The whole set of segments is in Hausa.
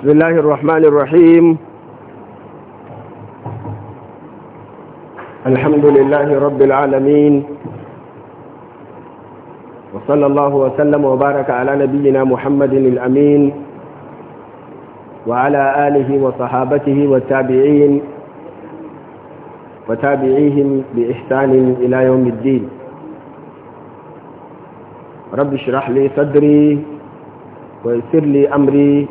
بسم الله الرحمن الرحيم الحمد لله رب العالمين وصلى الله وسلم وبارك على نبينا محمد الأمين وعلى آله وصحابته والتابعين وتابعيهم بإحسان إلى يوم الدين رب اشرح لي صدري ويسر لي أمري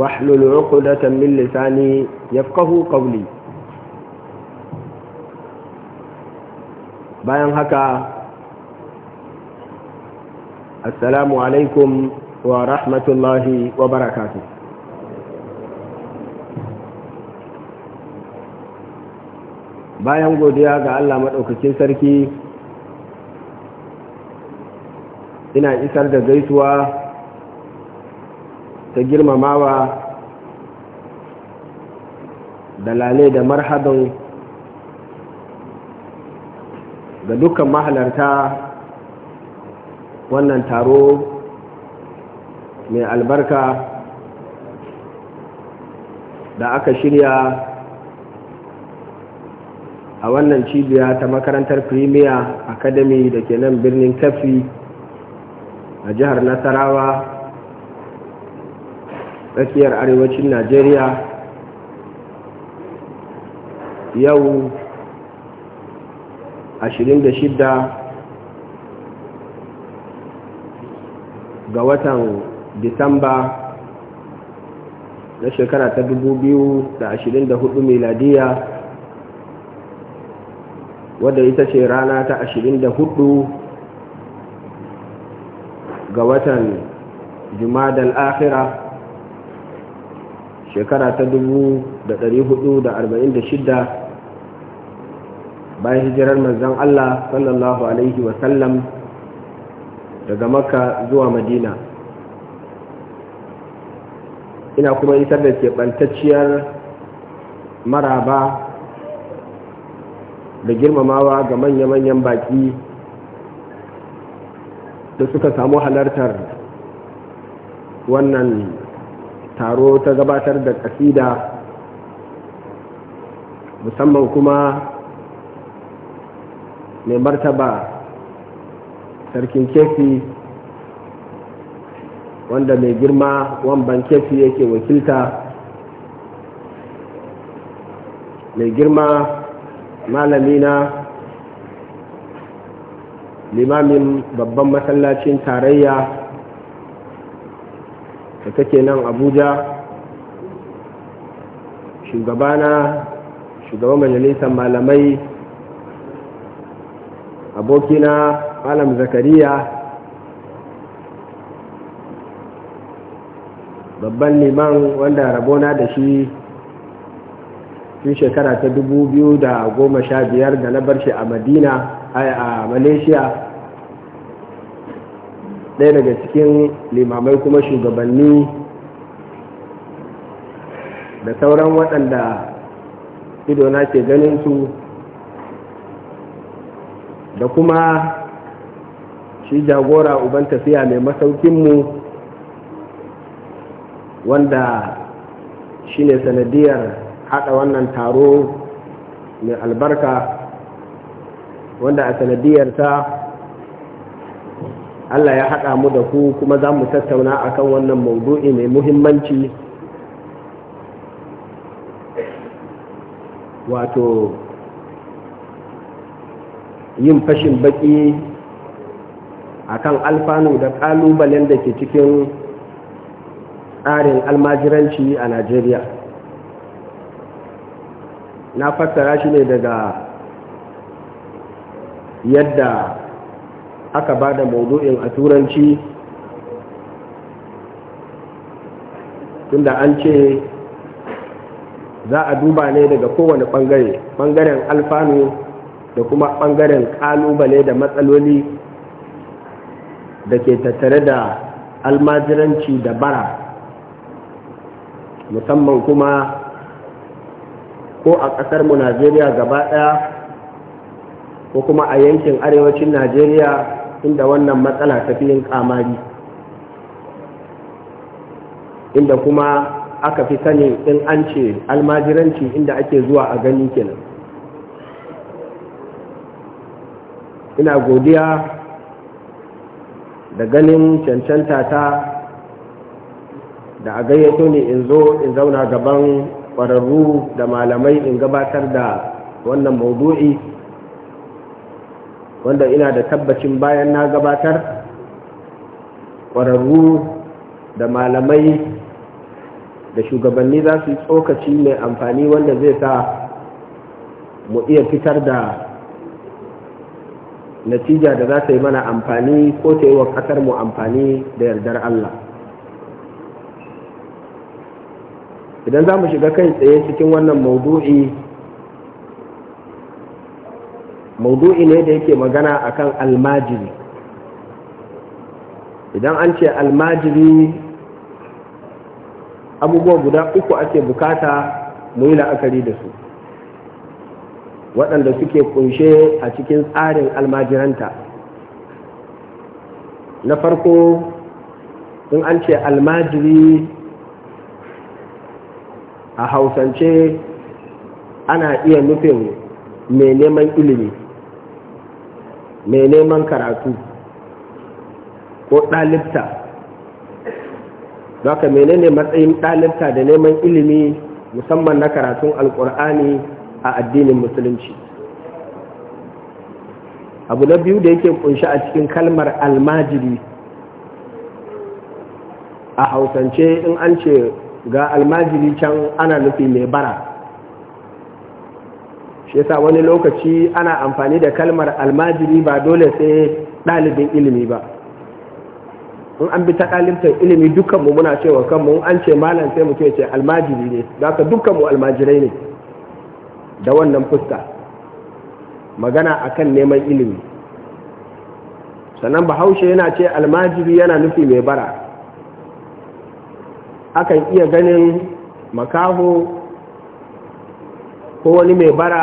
واحلل عقدة من لساني يفقه قولي bayan haka assalamu alaikum wa rahmatullahi wa barakatu bayan godiya ga Allah maɗaukacin sarki ina isar da gaisuwa ta girmamawa dalalai da marhaban ga dukkan mahalarta wannan taro mai albarka da aka shirya a wannan cibiya ta makarantar premier academy da ke nan birnin kafi a jihar nasarawa tsakiyar arewacin najeriya yau 26 ga watan disamba na shekara ta 2024 miladiya wadda ita ce rana ta 24 ga watan jumadal akhirah shekara ta dubu da da hudu arba'in shidda bayan hijirar manzan Allah sallallahu alaihi wasallam daga makka zuwa madina ina kuma isar da keɓantacciyar maraba da girmamawa ga manya-manyan baƙi da suka samu halartar wannan taro ta gabatar da kasida musamman kuma mai martaba sarkin kefi wanda mai girma wamban kefi yake wakilta mai girma malamina limamin babban masallacin tarayya da kake nan abuja shugabana shugaban majalisar malamai abokina malam zakariya babban liman wanda rabona da shi tun shekara ta dubu biyu da goma sha biyar da na bar shi a madina a malaysia ɗaya daga cikin limamai kuma shugabanni da sauran waɗanda na ke ganin su da kuma shi jagora uban tafiya mai masaukinmu wanda shi ne sanadiyar haɗa wannan taro mai albarka wanda a ta. Allah ya haɗa mu da ku kuma za mu tattauna a kan wannan maudu'i mai muhimmanci wato yin fashin baki kan alfanu da ƙalubalen da ke cikin tsarin almajiranci a Najeriya na fassara shi ne daga yadda aka ba da maudu'in a turanci tunda an ce za a duba ne daga kowane ɓangare ɓangaren alfanu da kuma ɓangaren ƙalubale da matsaloli da ke tattare da almajiranci da bara musamman kuma ko a ƙasarmu najeriya gaba ɗaya ko kuma a yankin arewacin najeriya inda wannan matsala ta fi yin kamari inda kuma aka fi sani in an ce almajiranci inda ake zuwa a gani kenan ina godiya da ganin cancanta ta da a gayyato ne in zo in zauna gaban ƙwararru da malamai in gabatar da wannan maudu'i wanda ina da tabbacin bayan na gabatar ƙwararru da malamai da shugabanni za su yi tsokaci mai amfani wanda zai sa mu iya fitar da natija da za ta yi mana amfani ko ta yi wa ƙasar mu amfani da yardar Allah idan za mu shiga kai tsaye cikin wannan maudu'i maudu'i ne da yake magana akan almajiri idan an ce almajiri abubuwa guda uku ake bukata mu yi la'akari da su waɗanda suke kunshe a cikin tsarin almajiranta na farko in an ce almajiri a hausance ana iya nufin mai neman ilimi mai neman karatu ko ɗalibta za menene matsayin ɗalibta da neman ilimi musamman na karatun alƙur'ani a addinin musulunci abu na biyu da yake kunshi a cikin kalmar almajiri a hausance in an ce ga almajiri can ana nufi mai bara shi yasa wani lokaci ana amfani da kalmar almajiri ba dole sai ɗalibin ilimi ba in an bi ta ɗalibtar ilimi dukkanmu muna cewa kanmu an ce malam sai mu ce almajiri ne za dukkanmu almajirai ne da wannan fuska magana akan neman ilimi sannan bahaushe yana ce almajiri yana nufi mai bara akan iya ganin makaho ko wani mai bara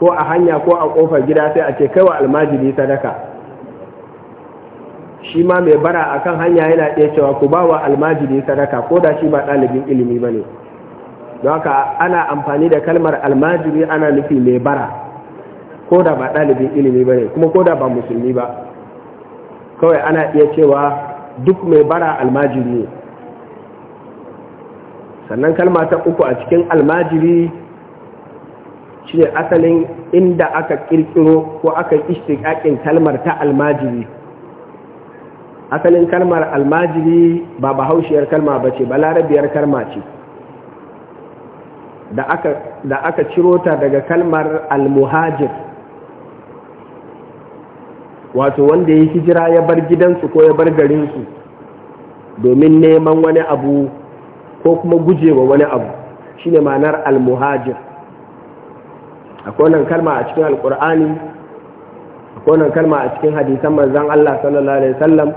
ko a hanya ko a kofar gida sai a ce kai wa almajiri sadaka shi ma mai bara a kan hanya yana iya cewa ku ba wa almajiri sadaka ko da shi ba ɗalibin ilimi ba ne don haka ana amfani da kalmar almajiri ana nufi mai bara ko da ba ɗalibin ilimi ba ne kuma ko da ba musulmi ba kawai ana iya cewa duk mai bara almajiri ne sannan kalma ta uku a cikin almajiri ne asalin inda aka kirkiro ko aka yi ishtiqaqin kalmar ta almajiri asalin kalmar almajiri ba bahaushiyar kalma ba ce ba larabiyar kalma ce da aka ciro ta daga kalmar almuhajir wato wanda ya hijira ya bar gidansu ko ya bar garinsu domin neman wani abu ko kuma gujewa wani abu shi ne ma'anar almuhajir akwai wannan kalma a cikin alkur'ani akwai wannan kalma a cikin hadisan manzon Allah sallallahu alaihi wasallam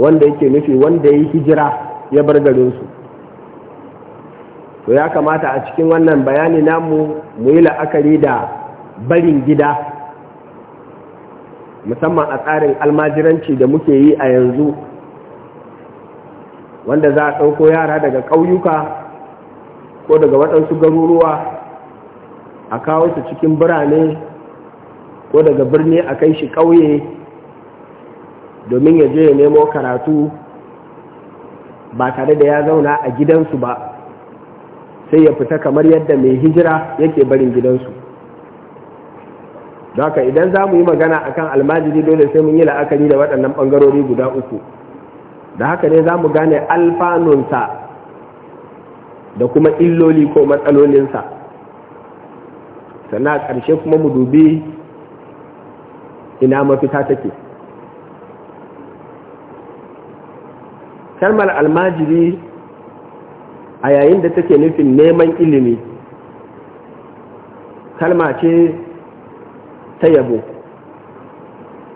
wanda yake nufi wanda ya yi hijira ya bar garinsu to ya kamata a cikin wannan bayani namu mu yi la'akari da barin gida musamman a tsarin almajiranci da muke yi a yanzu wanda za a ɗauko yara daga ƙauyuka ko daga waɗansu garuruwa a kawo su cikin birane ko daga birni a kai shi ƙauye domin ya je ya nemo karatu ba tare da ya zauna a gidansu ba sai ya fita kamar yadda mai hijira yake barin gidansu haka idan za mu yi magana a kan almajiri dole sai mun yi la'akari da waɗannan ɓangarori guda uku da haka ne za mu gane alfanunsa da kuma illoli ko matsalolinsa sannan ƙarshe kuma mu dubi ina mafita take kalmar almajiri a yayin da take nufin neman ilimi kalma ce ta yabo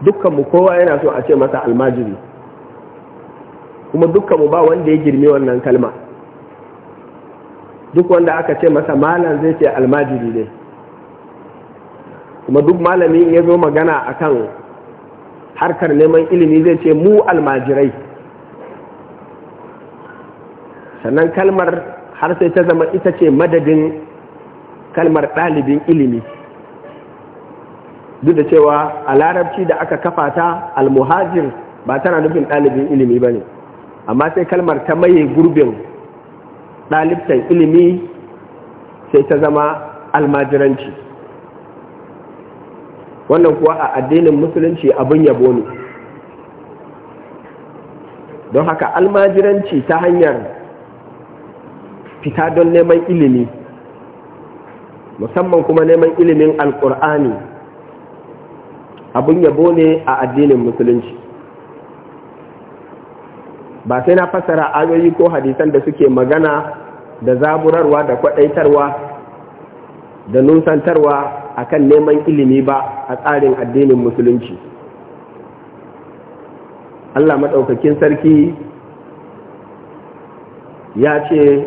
dukkanmu kowa yana so a ce masa almajiri kuma dukkanmu ba wanda ya girme wannan kalma duk wanda aka ce masa malam zai ce almajiri ne kuma duk malami ya zo magana akan harkar neman ilimi zai ce mu almajirai sannan kalmar har sai ta zama ita ce madadin kalmar ɗalibin ilimi duk da cewa a larabci da aka kafa ta almuhajir ba tana nufin ɗalibin ilimi ba ne amma sai kalmar ta maye gurbin ɗalibtan ilimi sai ta zama almajiranci wannan kuwa a addinin musulunci abin yabo ne don haka almajiranci ta hanyar fita don neman ilimi musamman kuma neman ilimin alkur'ani abin yabo ne a addinin musulunci ba sai na fassara ayoyi ko hadisan da suke magana da zaburarwa da kwadaitarwa da nusantarwa akan neman ilimi ba a tsarin addinin musulunci Allah maɗaukakin sarki ya ce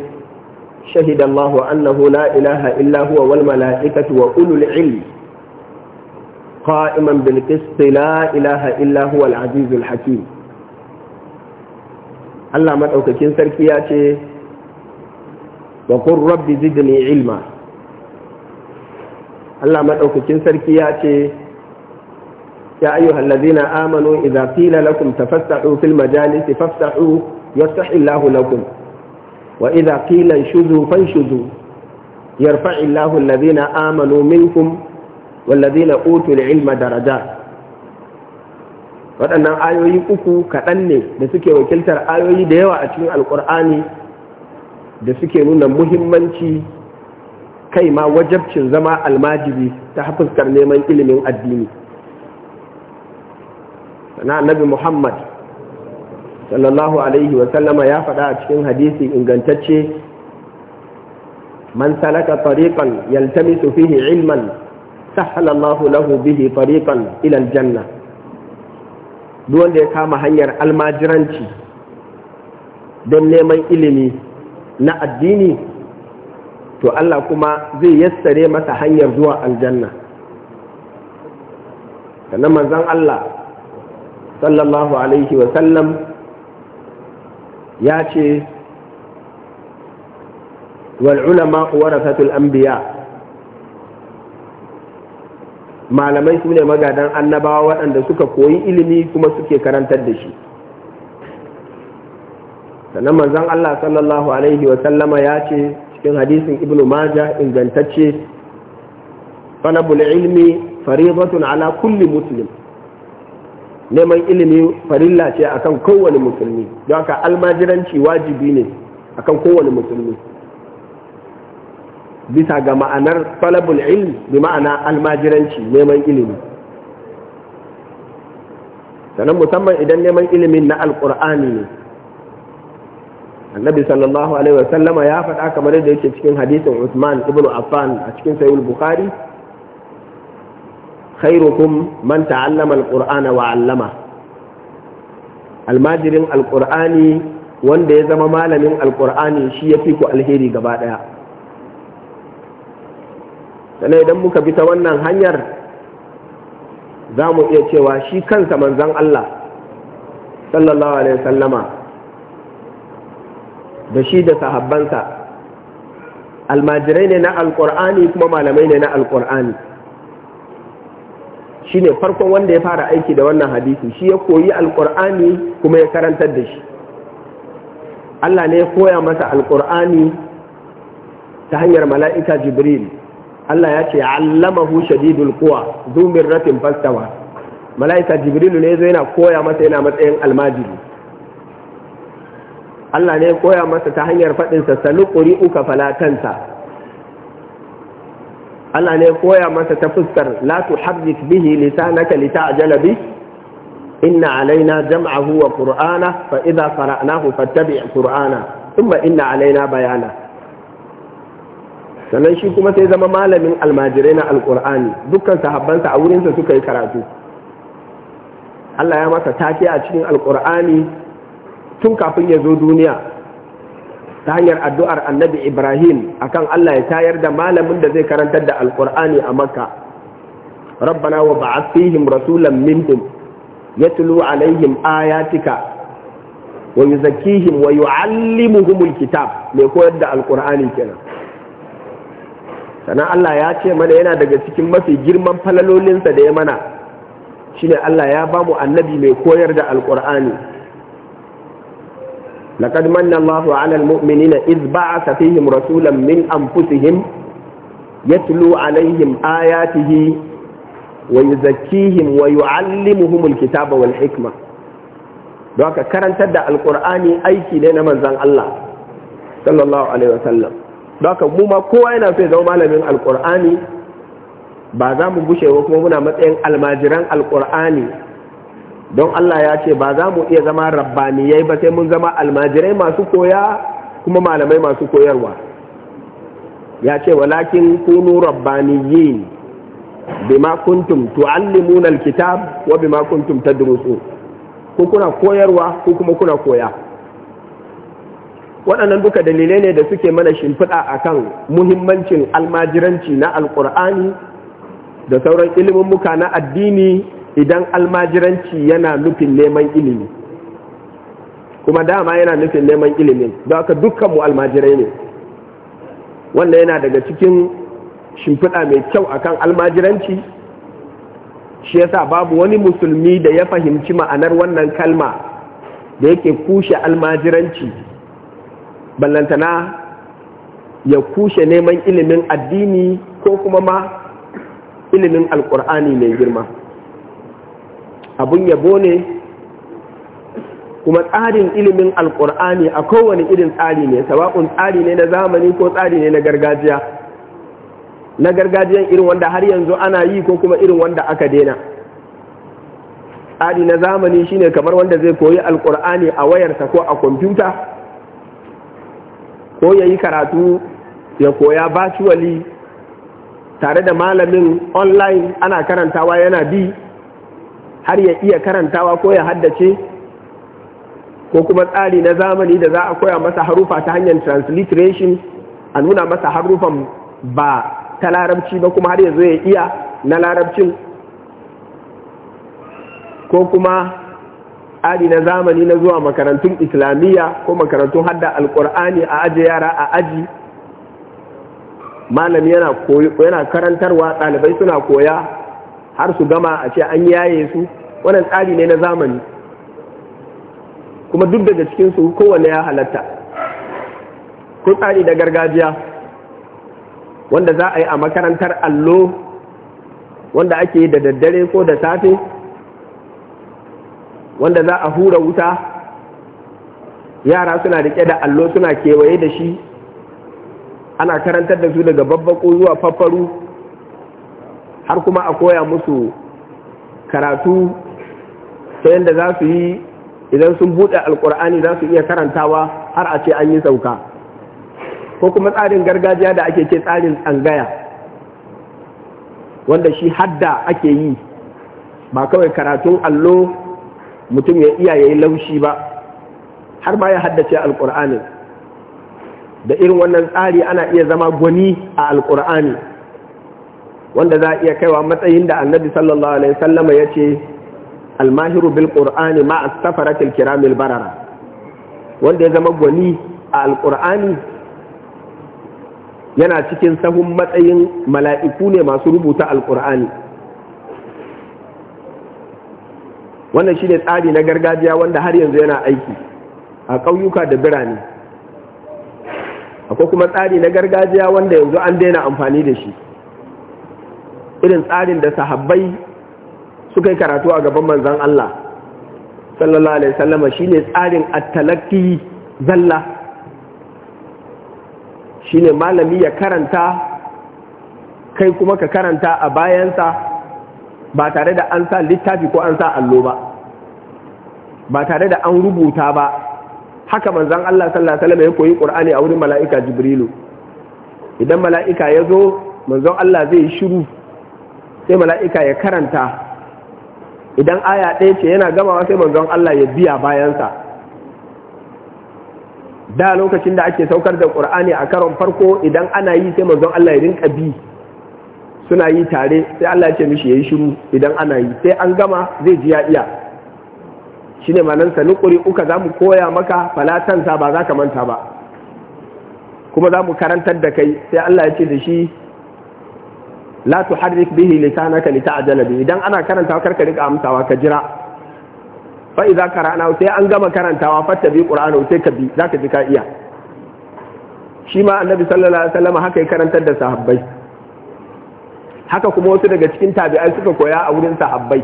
shahida Allahu annahu la ilaha illa huwa wal mala'ikatu wa ulul ilmi qa'iman bil qist la ilaha illa huwa al azizul hakim Allah maɗaukakin sarki ya ce wa qur rabbi zidni ilma Allah maɗaukakin sarki ya ce ya ayyuhal ladzina amanu idza qila lakum tafassahu fil majalisi fafsahu yafsahillahu lakum wa idza qila inshuzu fanshuzu yarfa'illahu alladhina amanu minkum walladhina utul ilma daraja, waɗannan ayoyi uku kaɗan ne da suke wakiltar ayoyi da yawa a cikin alƙur'ani da suke nuna muhimmanci kai ma wajabcin zama almajiri ta hafuskar neman ilimin addini na muhammad sallallahu alaihi wasallama ya faɗa a cikin hadisi ingantacce man salaka tariqan yaltamisu fihi ilman sahala Allahu lahu bihi tariqan ila aljanna duk wanda ya kama hanyar almajiranci don neman ilimi na addini to Allah kuma zai yassare masa hanyar zuwa aljanna sannan manzon Allah sallallahu alaihi wa sallam ya ce wal ulama warasatul anbiya malamai su ne magadan annabawa waɗanda suka koyi ilimi kuma suke karantar da shi sannan manzon Allah sallallahu alaihi wa sallama ya ce cikin hadisin ibnu maja ingantacce talabul ilmi faridatun ala kulli muslim neman ilimi farilla ce akan kowane musulmi don haka almajiranci wajibi ne akan kowane musulmi bisa ga ma'anar talabul ilmi bi ma'ana almajiranci neman ilimi sannan musamman idan neman ilimin na alkur'ani ne annabi sallallahu alaihi sallama ya faɗa kamar yadda yake cikin hadisin Usman ibn Affan a cikin sahih bukhari khairukum man ta'allama al-qur'ana wa 'allama almajirin alqur'ani wanda ya zama malamin alƙur'ani shi yafi ku alheri gaba daya sannan idan muka bi ta wannan hanyar za mu iya cewa shi kansa manzon Allah sallallahu alaihi sallama. da shi da sahabbansa almajirai ne na alkur'ani kuma malamai ne na alkur'ani shi ne farkon wanda ya fara aiki da wannan hadisi shi ya koyi alkur'ani kuma ya karantar da shi Allah ne ya koya masa alkur'ani ta hanyar mala'ika jibril Allah ya ce allamahu shadidul quwa zu mirratin fastawa mala'ika jibril ne zai yana koya masa yana matsayin almajiri Allah ne koya masa ta hanyar faɗinsa sanukuri uka falatanta Allah ne koya masa ta fuskar la tuhaddith bihi lisanaka lita'jala bi inna alaina jam'ahu wa qur'ana fa idza qara'nahu fattabi' qur'ana thumma inna alaina bayana sannan shi kuma sai zama malamin almajirai na alqur'ani dukkan sahabbansa a wurinsa suka yi karatu Allah ya masa take a cikin alqur'ani tun kafin ya zo duniya ta hanyar addu'ar annabi ibrahim akan allah ya tayar da malamin da zai karantar da alkur'ani a makka rabbana wa a fihim rasulan ya yatlu alaihim ayatika wa zakihim wa yu'allimuhumul kitab mai koyar da alkur'ani kenan sannan allah ya ce mana yana daga cikin mafi girman falalolinsa da ya mana shine allah ya bamu annabi mai koyar da alkur'ani لقد من الله على المؤمنين إذ بعث فيهم رسولا من أنفسهم يتلو عليهم آياته ويزكيهم ويعلمهم الكتاب والحكمة دوكا كرن تدى القرآن أيكي لنا من زن الله صلى الله عليه وسلم دوكا موما كوينا في زوما من القرآن ba za mu gushe kuma muna matsayin almajiran alkur'ani don Allah ya ce ba za mu iya zama rabbaniyai ba sai mun zama almajirai masu koya kuma malamai masu koyarwa ya ce walakin kunu rabbaniyin bima kuntum tuallimuna alkitab wa bima kuntum tadrusu ko kuna koyarwa ko kuma kuna koya waɗannan duka dalilai ne da suke mana shimfiɗa akan muhimmancin almajiranci na alƙur'ani da sauran ilimin muka na addini idan almajiranci yana nufin neman ilimi kuma dama yana nufin neman ilimin don haka dukkanmu almajirai ne wannan yana daga cikin shimfiɗa mai kyau akan almajiranci shi yasa babu wani musulmi da ya fahimci ma'anar wannan kalma da yake kushe almajiranci ballantana ya kushe neman ilimin addini ko kuma ma ilimin alkur'ani mai girma abun yabo ne kuma tsarin ilimin alkur'ani a kowane irin tsari ne sabakun tsari ne na zamani ko tsari ne na gargajiya na gargajiyan irin wanda har yanzu ana yi ko kuma irin wanda aka daina tsari na zamani shine kamar wanda zai koyi alkur'ani a wayarsa ko a kwamfuta ko ya yi karatu ya koya virtually tare da malamin online ana karantawa yana bi har ya iya karantawa ko ya haddace ko kuma tsari na zamani da za a koya masa harufa ta hanyar transliteration a nuna masa harufan ba ta larabci ba kuma har yanzu ya iya na larabcin ko kuma tsari na zamani na zuwa makarantun islamiyya ko makarantun hadda alkur'ani a aji yara a aji malami yana karantarwa ɗalibai suna koya har su gama a ce an yaye su wannan tsari ne na zamani kuma duk daga cikinsu kowanne ya halatta ko tsari da gargajiya wanda za a yi a makarantar allo wanda ake yi da daddare ko da safe wanda za a hura wuta yara suna rike da allo suna kewaye da shi ana karantar da su daga babbako zuwa faffaru har kuma a koya musu karatu ta yadda za su yi idan sun buɗe alkur'ani za su iya karantawa har a ce an yi sauka ko kuma tsarin gargajiya da ake ce tsarin tsangaya wanda shi hadda ake yi ba kawai karatun allo mutum ya iya yayi laushi ba har ma ya haddace alkur'ani da irin wannan tsari ana iya zama gwani a alkur'ani wanda za a iya kaiwa matsayin da annabi sallallahu alaihi sallama ya ce almahiru bilƙur'ani مع ma الكرام safaratil kiramil barara wanda ya zama gwani a yana cikin sahun matsayin mala'iku ne masu rubuta alqur'ani wannan shine tsari na gargajiya wanda har yanzu yana aiki a ƙauyuka da birane akwai kuma tsari na gargajiya wanda yanzu an daina amfani da shi irin tsarin da sahabbai suka yi karatu a gaban manzan Allah sallallahu alaihi wasallama shine tsarin attalakki zalla. Shi ne malami ya karanta kai kuma ka karanta a bayansa ba tare da an sa littafi ko an sa allo ba ba tare da an rubuta ba haka manzan Allah sallallahu alaihi wasallama ya koyi ƙur'ani a wurin mala'ika Jibrilu idan mala'ika ya zo manzan Allah zai shiru sai mala'ika ya karanta idan aya ɗaya ce yana gamawa sai manzon Allah ya biya bayansa da lokacin da ake saukar da ƙur'ani a karon farko idan ana yi sai manzon Allah ya rinka bi suna yi tare sai Allah ya ce mishi yayi shiru idan ana yi sai an gama zai ji ya iya shine manan sa nukuri uka mu koya maka falatansa ba za ka manta ba kuma zamu karantar da kai sai Allah ya ce da shi la tuharrik bihi lisanaka lita'jala bihi idan ana karantawa karka rika amsawa ka jira fa idza qara'na sai an gama karantawa fattabi qur'ana sai ka bi zaka ji ka iya shi ma annabi sallallahu alaihi wasallam haka ya karantar da sahabbai haka kuma wasu daga cikin tabi'ai suka koya a wurin sahabbai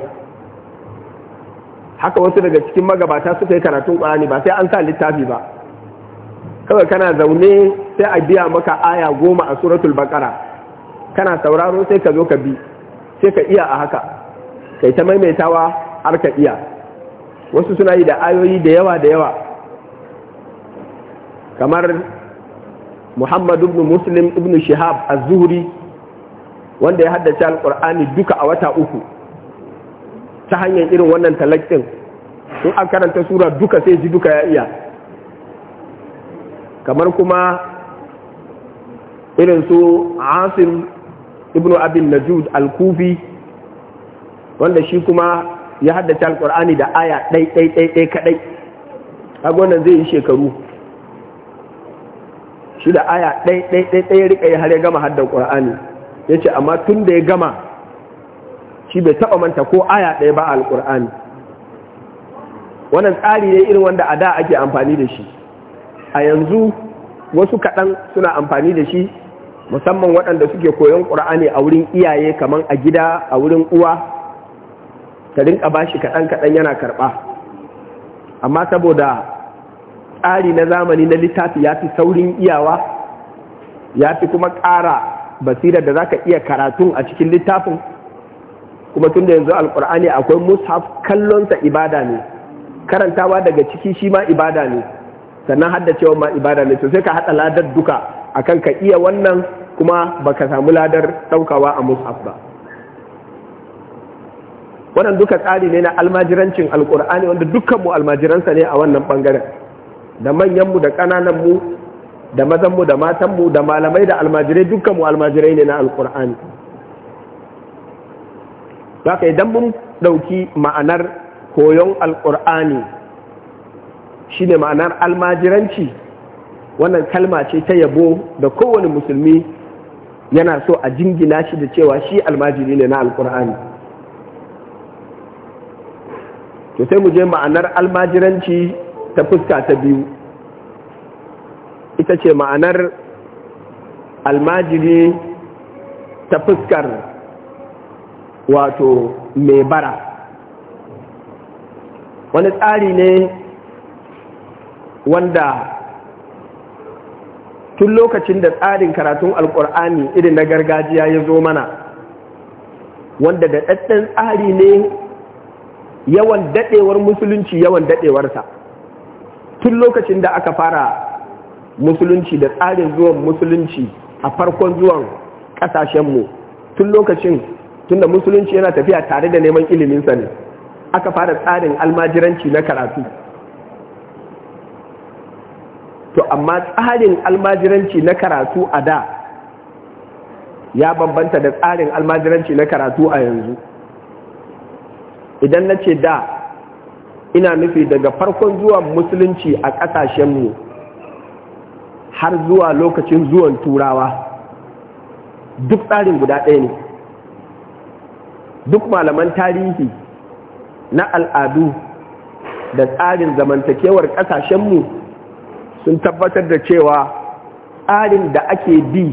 haka wasu daga cikin magabata suka yi karatun qur'ani ba sai an sa littafi ba kawai kana zaune sai a biya maka aya goma a suratul baqara kana sauraro sai ka zo ka bi sai ka iya a haka kai ta maimaitawa har ka iya wasu suna yi da ayoyi da yawa da yawa kamar muhammad ibn muslim ibn shihab az-zuhri wanda ya haddace al-qur'ani duka a wata uku ta hanyar irin wannan talakkin in an karanta sura duka sai ji duka ya iya kamar kuma irin su asim ibnu abin najud al-kufi wanda shi kuma ya haddace alkur'ani da aya ɗai ɗai ɗai ɗai kaɗai agonan zai yi shekaru shi da aya ɗai ɗai ɗai ɗai rika ya har ya gama haddan ƙur'ani yace ce amma tun da ya gama shi bai taɓa manta ko aya ɗaya ba alkur'ani wannan tsari ne irin wanda a da ake amfani da shi a yanzu wasu kaɗan suna amfani da shi musamman waɗanda suke koyon ƙur'ani a wurin iyaye kamar a gida a wurin uwa ta rinka bashi kaɗan kaɗan yana karɓa amma saboda tsari na zamani na littafi ya fi saurin iyawa ya fi kuma ƙara basira da za ka iya karatun a cikin littafin kuma tun da yanzu alƙur'ani akwai mushaf kallonsa ibada ne karantawa daga ciki shi ma ibada ne sannan haddacewa ma ibada ne to sai ka haɗa ladar duka akan ka iya wannan kuma baka samu ladar ɗaukawa a mushaf ba wannan duka tsari ne na almajirancin alkur'ani wanda dukkanmu almajiransa ne a wannan bangaren da manyanmu da ƙanananmu da mazanmu da matanmu da malamai da almajirai dukkanmu almajirai ne na alkur'ani za idan mun ɗauki ma'anar koyon alkur'ani shine ma'anar almajiranci wannan kalma ce ta yabo da kowane musulmi yana so a jingina shi da cewa shi almajiri ne na alkur'ani to sai mu je ma'anar almajiranci ta fuska ta biyu ita ce ma'anar almajiri ta fuskar wato mai bara wani tsari ne wanda tun lokacin da tsarin karatun alkur'ani irin na gargajiya ya zo mana wanda da ɗaɗɗen tsari ne yawan daɗewar musulunci yawan daɗewarsa tun lokacin da aka fara musulunci da tsarin zuwan musulunci a farkon zuwan ƙasashenmu tun lokacin tun da musulunci yana tafiya tare da neman iliminsa ne aka fara tsarin almajiranci na karatu to amma tsarin almajiranci na karatu a da ya bambanta da tsarin almajiranci na karatu a yanzu idan na ce da ina nufi daga farkon zuwa musulunci a ƙasashenmu har zuwa lokacin zuwan turawa duk tsarin guda ɗaya ne duk malaman tarihi na al'adu da tsarin zamantakewar ƙasashenmu sun tabbatar da cewa tsarin da ake bi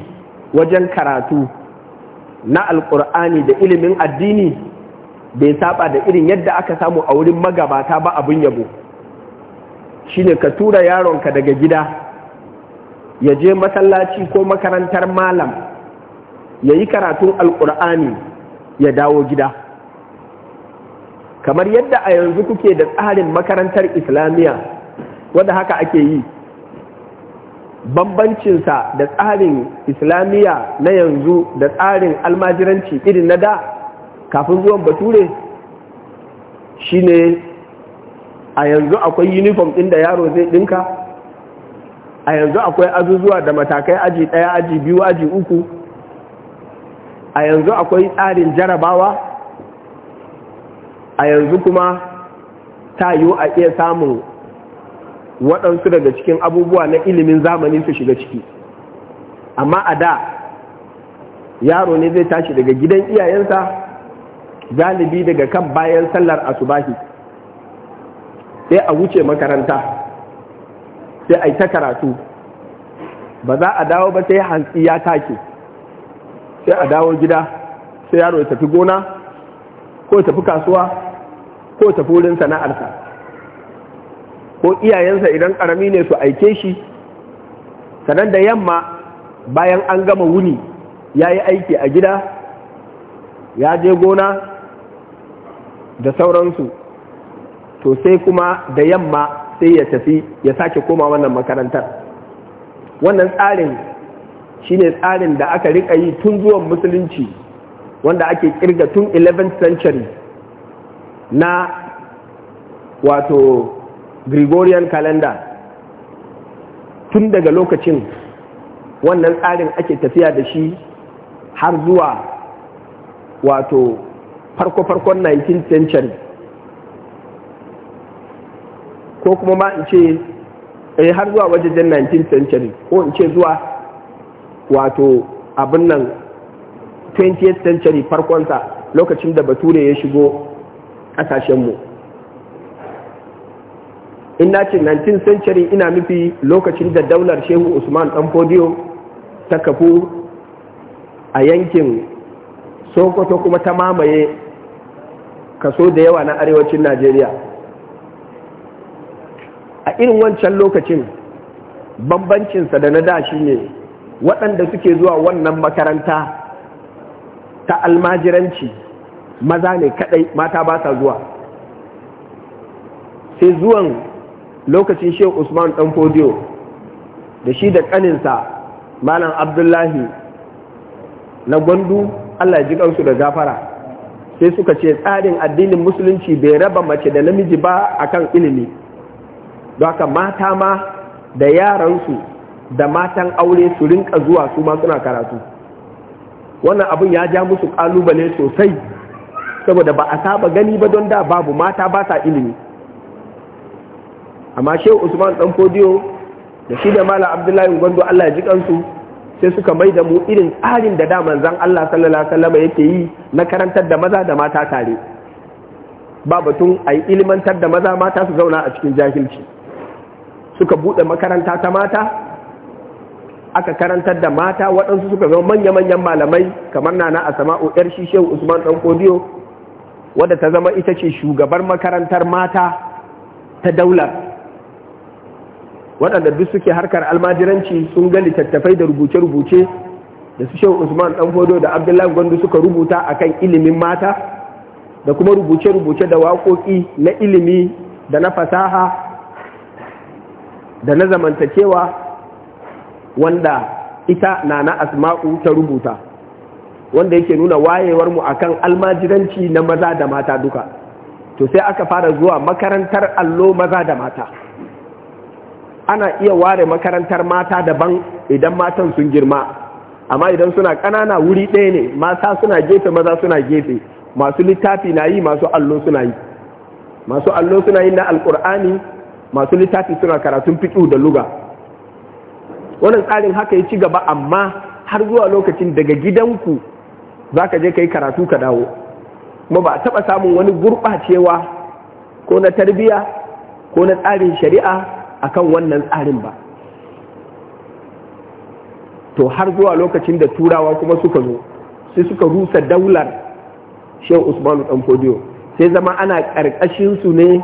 wajen karatu na alkur'ani da ilimin addini bai saba da irin yadda aka samu a wurin magabata ba abin yabo shine ka tura yaronka daga gida ya je masallaci ko makarantar malam ya yi karatun alkur'ani ya dawo gida kamar yadda a yanzu kuke da tsarin makarantar islamiyya wadda haka ake yi bambancinsa da tsarin islamiyya na yanzu da tsarin almajiranci irin na da kafin zuwan bature shine a yanzu akwai uniform ɗin da yaro zai ɗinka a yanzu akwai azuzuwa da matakai aji ɗaya aji biyu aji uku a yanzu akwai tsarin jarabawa a yanzu kuma ta yiwu a iya samun waɗansu daga cikin abubuwa na ilimin zamani su shiga ciki amma a da yaro ne zai tashi daga gidan iyayensa galibi daga kan bayan sallar asubahi sai a wuce makaranta sai a yi ta karatu ba za a dawo ba sai hantsi ya take sai a dawo gida sai yaro ya tafi gona ko tafi kasuwa ko tafi wurin sana'arsa ko iyayensa idan ƙarami ne su aike shi sanan da yamma bayan an gama wuni ya yi aiki a gida ya je gona da sauransu to sai kuma da yamma sai ya tafi ya sake koma wannan makarantar wannan tsarin shi ne tsarin da aka riƙa yi tun zuwan musulunci wanda ake kirga tun 11th century na wato gregorian calendar tun daga lokacin wannan tsarin ake tafiya da shi har zuwa wato farko-farkon 19th century ko kuma ma in ce eh har zuwa wajejen 19th century ko in ce zuwa wato abin nan 20th century farkonsa lokacin da bature ya shigo kasashenmu. in na ce 19th century ina nufi lokacin da daular shehu usman dan fodiyo ta kafu a yankin sokoto kuma ta mamaye kaso da yawa na arewacin najeriya a irin wancan lokacin bambancinsa da na da shi ne waɗanda suke zuwa wannan makaranta ta almajiranci maza ne kaɗai mata ba sa zuwa sai zuwan lokacin shehu usman dan fodiyo da shi da kaninsa malam abdullahi na gwandu allah ji kansu da gafara sai suka ce tsarin addinin musulunci bai raba mace da namiji ba a kan ilimi don haka mata ma da yaransu da matan aure su rinka zuwa su ma suna karatu wannan abin ya ja musu kalubale sosai saboda ba a saba gani ba don da babu mata ba sa ilimi amma shehu usman dan fodiyo da shi da mala abdullahi gwando allah ya ji kansu sai suka mai da mu irin tsarin da da manzan allah sallallahu alaihi wasallam yake yi na karantar da maza da mata tare ba batun a yi ilimantar da maza mata su zauna a cikin jahilci suka buɗe makaranta ta mata aka karantar da mata waɗansu suka zama manya-manyan malamai kamar nana a sama'u yar shi shehu usman dan kodiyo wadda ta zama ita ce shugabar makarantar mata ta daular waɗanda duk suke harkar almajiranci sun ga littattafai da rubuce-rubuce da su shehu usman ɗan fodo da abdullahi gwandu suka rubuta akan ilimin mata da kuma rubuce-rubuce da waƙoƙi na ilimi da na fasaha da na zamantakewa wanda ita na na asma'u ta rubuta wanda yake nuna wayewar mu akan almajiranci na maza da mata duka to sai aka fara zuwa makarantar allo maza da mata ana iya ware makarantar mata daban idan matan sun girma amma idan suna ƙanana wuri ɗaya ne mata suna gefe maza suna gefe masu littafi na yi masu allo suna yi masu allo suna yi na alƙur'ani masu littafi suna karatun fiƙu da luga wannan tsarin haka ya ci gaba amma har zuwa lokacin daga gidanku za ka je ka yi karatu ka dawo kuma ba a taɓa samun wani gurɓacewa ko na tarbiyya ko na tsarin shari'a akan wannan tsarin ba to har zuwa lokacin da turawa kuma suka zo sai suka rusa daular shehu usmanu dan sai zama ana ƙarƙashinsu su ne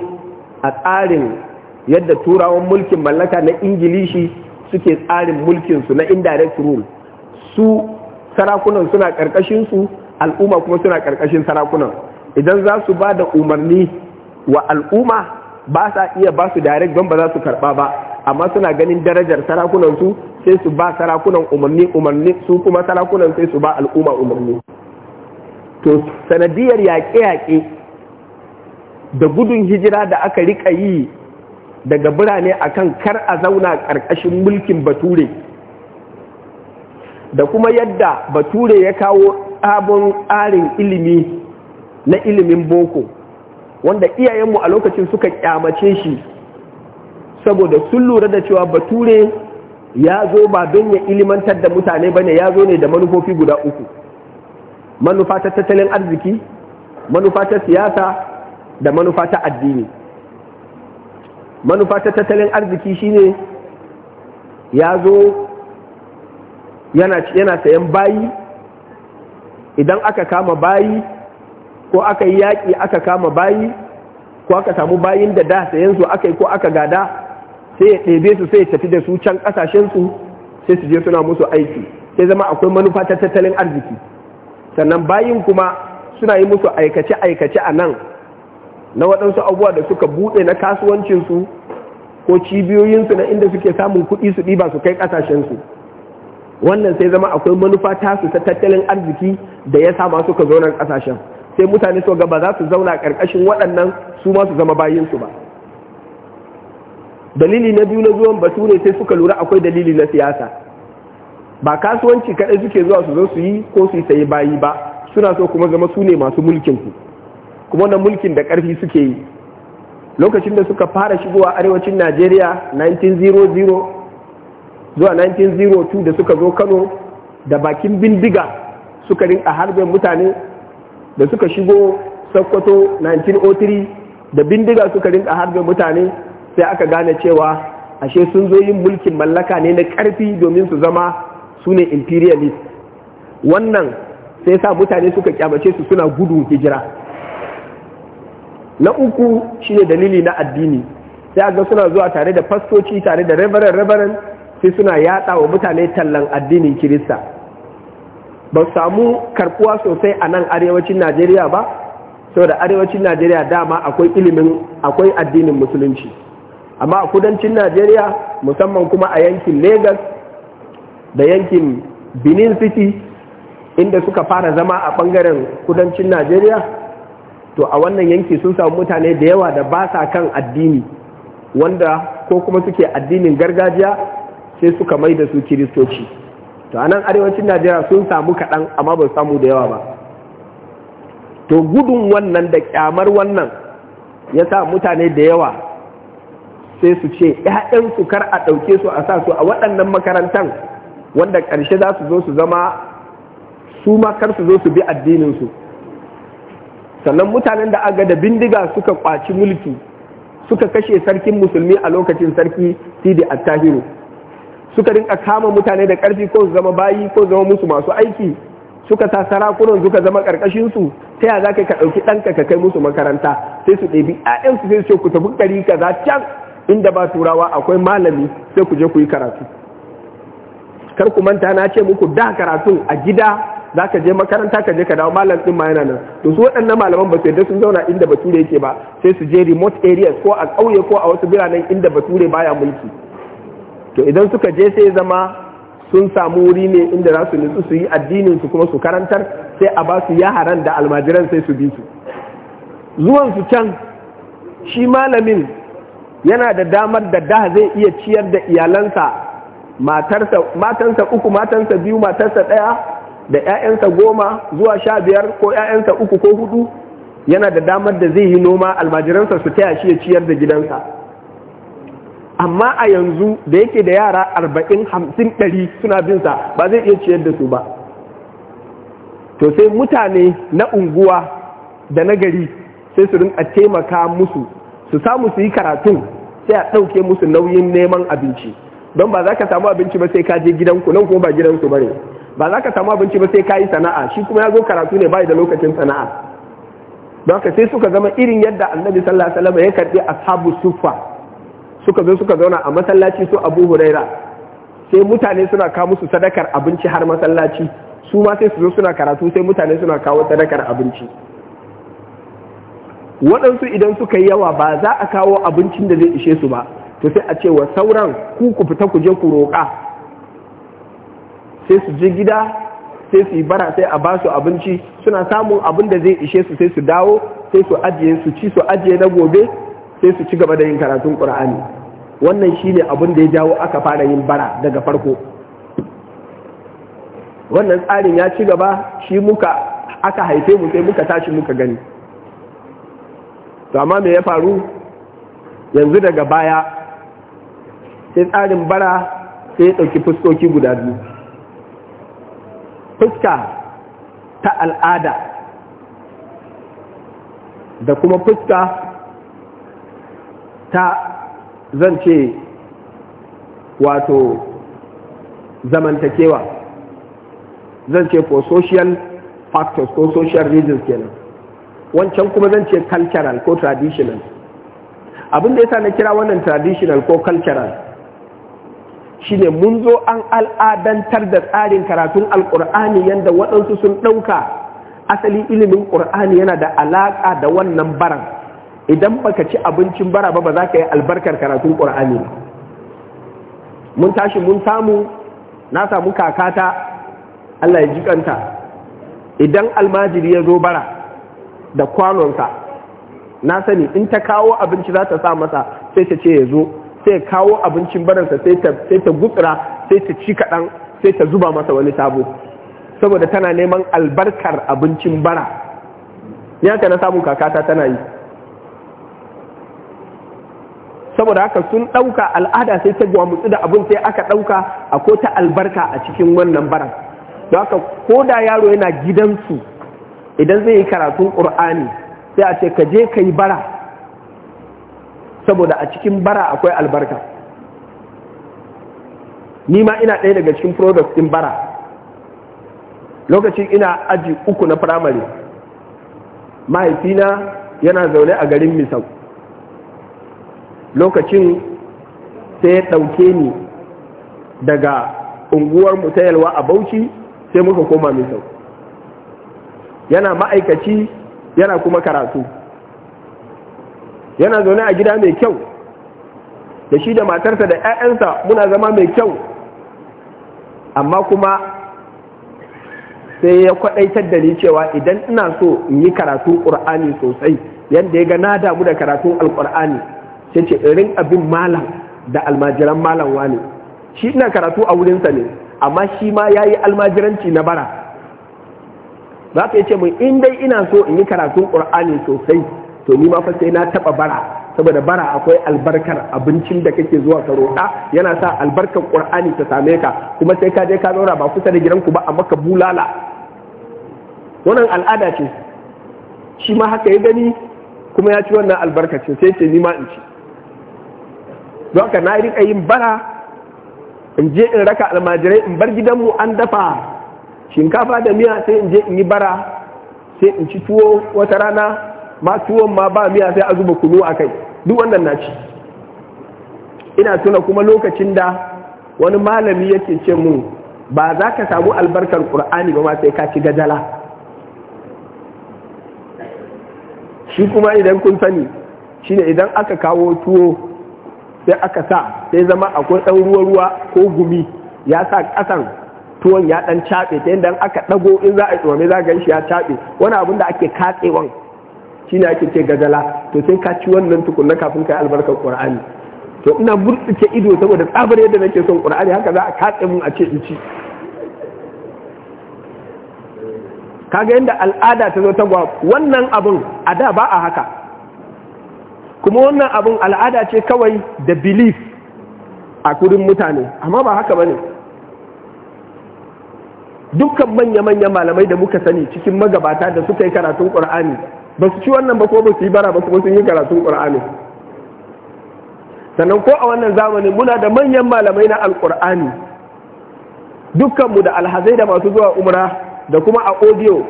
a tsarin yadda turawan mulkin mallaka na ingilishi suke tsarin mulkin su na indirect rule su sarakunan suna ƙarƙashinsu su al'umma kuma suna ƙarƙashin sarakunan idan za su ba da umarni wa al'umma ba sa iya ba su direct don ba za su karba ba amma suna ganin darajar sarakunan su sai su ba sarakunan umarni umarni su kuma sarakunan sai su ba al'umma umarni to sanadiyar yaƙe-yaƙe da gudun hijira da aka riƙa yi daga birane akan kar a zauna ƙarƙashin mulkin bature da kuma yadda bature ya kawo sabon tsarin ilimi na ilimin boko wanda iyayenmu a lokacin suka kyamace shi saboda sun lura da cewa bature ya zo ba don ya ilimantar da mutane ba ne, ya zo ne da manufofi guda uku manufa tattalin arziki manufa siyasa da manufa addini manufa tattalin arziki shine ya zo yana sayan bayi idan aka kama bayi ko aka yi yaƙi aka kama bayi ko aka samu bayin da da sayan su aka yi ko aka gada sai ya ɗebe su sai ya tafi da su can ƙasashensu sai su je suna musu aiki sai zama akwai manufa ta tattalin arziki sannan bayin kuma suna yi musu aikace-aikace a nan na waɗansu abubuwa da suka buɗe na kasuwancinsu ko cibiyoyinsu na inda suke samun kuɗi su ɗiba su kai ƙasashensu wannan sai zama akwai manufa tasu ta tattalin arziki da ya sa masu suka zo nan ƙasashen sai mutane su ga ba za su zauna ƙarƙashin waɗannan su ma su zama bayinsu ba dalili na biyu na zuwan batu ne sai suka lura akwai dalili na siyasa ba kasuwanci kaɗai suke zuwa su zo su yi ko su yi sayi bayi ba suna so kuma zama su ne masu mulkin ku kuma wannan mulkin da ƙarfi suke yi lokacin da suka fara shigowa arewacin najeriya 1900 zuwa 1902 da suka zo kano da bakin bindiga suka rinka harbin mutane da suka shigo sokoto 1903 da bindiga suka rinka harbe mutane sai aka gane cewa ashe sun zo yin mulkin mallaka ne na karfi domin su zama su ne imperialist wannan sai sa mutane suka kyamace su suna gudun hijira na uku shine dalili na addini sai ga suna zuwa tare da fastoci tare da reverend reverend sai suna yada wa mutane tallan addinin kirista ba samu karkuwa sosai a nan arewacin najeriya ba saboda arewacin najeriya dama akwai ilimin akwai addinin musulunci amma a kudancin najeriya musamman kuma a yankin Legas, da yankin benin city inda suka fara zama a bangaren kudancin najeriya to a wannan yanki sun samu mutane da yawa da ba sa kan addini wanda ko kuma suke addinin gargajiya sai suka mai da su kiristoci to anan arewacin najeriya sun samu kaɗan amma ba samu da yawa ba to gudun wannan da kyamar wannan ya sa mutane da yawa sai su ce ‘ya'yansu kar a ɗauke su a sa su a waɗannan makarantar wanda ƙarshe za su zo su zama su makar su zo su bi addininsu sannan mutanen da aga da bindiga suka kwaci mulki suka kashe sarkin musulmi a lokacin sarki sidi attahiru suka rinka kama mutane da ƙarfi ko su zama bayi ko zama musu masu aiki suka sa sarakunan suka zama ƙarƙashin su ta ya za ka ɗauki ɗanka ka kai musu makaranta sai su ɗebi ‘ya'yansu sai su ce ku tafi ƙari ka za can inda ba turawa akwai malami sai ku je ku yi karatu kar ku manta na ce muku da karatu a gida za ka je makaranta ka je ka dawo malam ɗin ma yana nan to su waɗannan malaman ba su yadda sun zauna inda bature yake ba sai su je remote areas ko a ƙauye ko a wasu biranen inda bature baya mulki to idan suka je sai zama sun samu wuri ne inda za su nutsu su yi addinin su kuma su karantar sai a ba su yaharan da almajiran sai su bi su zuwan su can shi malamin yana da damar da da zai iya ciyar da iyalansa matansa uku matansa biyu matarsa ɗaya da 'ya'yansa goma zuwa sha biyar ko 'ya'yansa uku ko hudu yana da damar da zai yi noma almajiransa su taya shi ya ciyar da gidansa amma a yanzu da yake da yara arba'in hamsin ɗari suna bin sa, ba zai iya ciyar da su ba to sai mutane na unguwa da nagari gari sai su rinka taimaka musu su samu su yi karatun sai a ɗauke musu nauyin neman abinci don ba za ka samu abinci ba sai ka je gidanku nan kuma ba gidansu ba ne ba za ka samu abinci ba sai ka yi sana'a shi kuma ya zo karatu ne bai da lokacin sana'a don haka sai suka zama irin yadda annabi sallallahu alaihi wasallam ya karbi ashabu suffa suka zo suka zauna a masallaci su abu huraira sai mutane suna kawo musu sadakar abinci har masallaci su ma sai su zo suna karatu sai mutane suna kawo sadakar abinci waɗansu idan suka yi yawa ba za a kawo abincin da zai ishe su ba to sai a ce wa sauran ku ku fita ku je ku roƙa sai su je gida sai su yi bara sai a ba su abinci suna samun abin da zai ishe su sai su dawo sai su ajiye su ci su ajiye na gobe sai su ci gaba da yin karatun ƙur'ani wannan shi ne abin da ya jawo aka fara yin bara daga farko wannan tsarin ya ci gaba shi muka aka haife mu sai muka tashi muka gani to amma me ya faru yanzu daga baya sai tsarin bara sai ya ɗauki fuskoki guda biyu fuska ta al'ada da kuma fuska ta zan ce wato zamantakewa zan ce for social factors ko social reasons kenan wancan kuma zan ce cultural ko traditional abin da yasa na kira wannan traditional ko cultural shine mun zo an al'adantar da tsarin karatun alkur'ani yadda waɗansu sun ɗauka asali ilimin ƙur'ani yana da alaƙa da wannan baran idan baka ci abincin bara ba ba za ka yi albarkar karatun ƙur'ani mun tashi mun samu na samu kakata Allah ya jikanta idan almajiri ya zo bara da kwanonsa na sani in ta kawo abinci za ta sa masa sai ta ce ya zo sai kawo abincin baransa sai ta gutsira sai ta ci kaɗan sai ta zuba masa wani sabo saboda tana neman albarkar abincin bara ya na samun kakata tana yi saboda haka sun ɗauka al'ada sai ta gwamutsu da abin sai aka ɗauka a ko ta albarka a cikin wannan baran don haka ko da yaro yana gidansu idan zai yi karatun ƙur'ani sai a ce ka je ka yi bara saboda a cikin bara akwai albarka ni ma ina ɗaya daga cikin product ɗin bara lokacin ina aji uku na firamare mahaifina yana zaune a garin misau lokacin sai ya ɗauke ni daga unguwar mu ta yalwa a bauchi sai muka koma misau yana ma'aikaci yana kuma karatu yana zaune a gida mai kyau da shi da matarsa da 'ya'yansa muna zama mai kyau amma kuma sai ya kwaɗaitar da ni cewa idan ina so in yi karatu ƙur'ani sosai yadda ya ga na damu da karatun alƙur'ani sai ce irin abin malam da almajiran malam wani shi ina karatu a wurinsa ne amma shi ma ya yi almajiranci na bara za ka ce mun in dai ina so in yi karatun ƙur'ani sosai to ni ma fa sai na taɓa bara saboda bara akwai albarkar abincin da kake zuwa ka roƙa yana sa albarkar ƙur'ani ta same ka kuma sai ka je ka zaura ba kusa da gidanku ba amma ka bulala wannan al'ada ce shi ma haka ya gani kuma ya ci wannan albarkacin sai ce ni ma in ci don ka na rika yin bara in je in raka almajirai in bar gidanmu an dafa shinkafa da miya sai in je in yi bara sai in ci tuwo wata rana ma tuwon ma ba miya sai a zuba kunu a kai duk wannan na ci ina tuna kuma lokacin da wani malami yake ce mun ba za ka samu albarkar ƙur'ani ba ma sai ka ci gajala shi kuma idan kun sani shine idan aka kawo tuwo sai aka sa sai zama akwai ɗan ruwa-ruwa ko gumi ya sa ƙasan tuwon ya ɗan caɓe ta yadda aka ɗago in za a yi za za gan shi ya caɓe wani abin da ake katsewan shi ne ake ce gajala to sai ka ci wannan tukunna kafin ka yi albarkar ƙur'ani to ina burtsuke ido saboda tsabar yadda nake son ƙur'ani haka za a katse mun a ce in ci kaga yadda al'ada ta zo ta gwa wannan abin a da ba a haka kuma wannan abin al'ada ce kawai da belief a kudin mutane amma ba haka ba ne dukkan manya-manya malamai da muka sani cikin magabata da suka yi karatun ƙur'ani ba su ci wannan ba ko ba su yi bara ba kuma sun yi karatun ƙur'ani sannan ko a wannan zamanin muna da manyan malamai na alƙur'ani dukkanmu da alhazai da masu zuwa umra da kuma a audio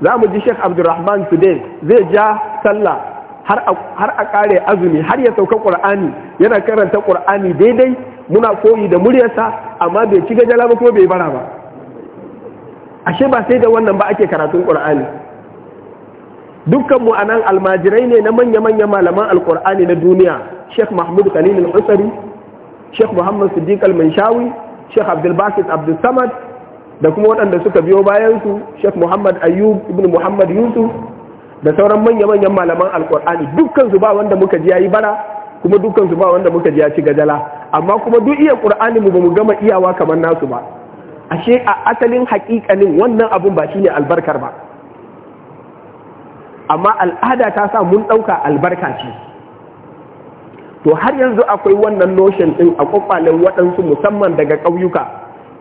za mu ji sheikh abdulrahman today zai ja sallah har a ƙare azumi har ya sauka qur'ani yana karanta qur'ani daidai muna koyi da muryarsa amma bai ci jala ba ko bai bara ba ashe ba sai da wannan ba ake karatun qur'ani dukkanmu mu anan almajirai ne na manya-manya malaman alqur'ani na duniya Sheikh Mahmud Khalil Al-Usari Sheikh Muhammad Siddiq Al-Manshawi Sheikh Abdul Basit Abdul Samad da kuma waɗanda suka biyo bayansu Sheikh Muhammad Ayyub ibn Muhammad Yusuf da sauran manya-manyan malaman alkur'ani dukkan su ba wanda muka ji yayi bara kuma dukkan su ba wanda muka ji ya ci gajala amma kuma duk iya qur'ani mu bamu gama iyawa kamar nasu ba ashe a asalin haƙiƙanin wannan abun ba shi ne albarkar ba amma al'ada ta sa mun ɗauka albarka ce to har yanzu akwai wannan notion ɗin a kwakwalen waɗansu musamman daga ƙauyuka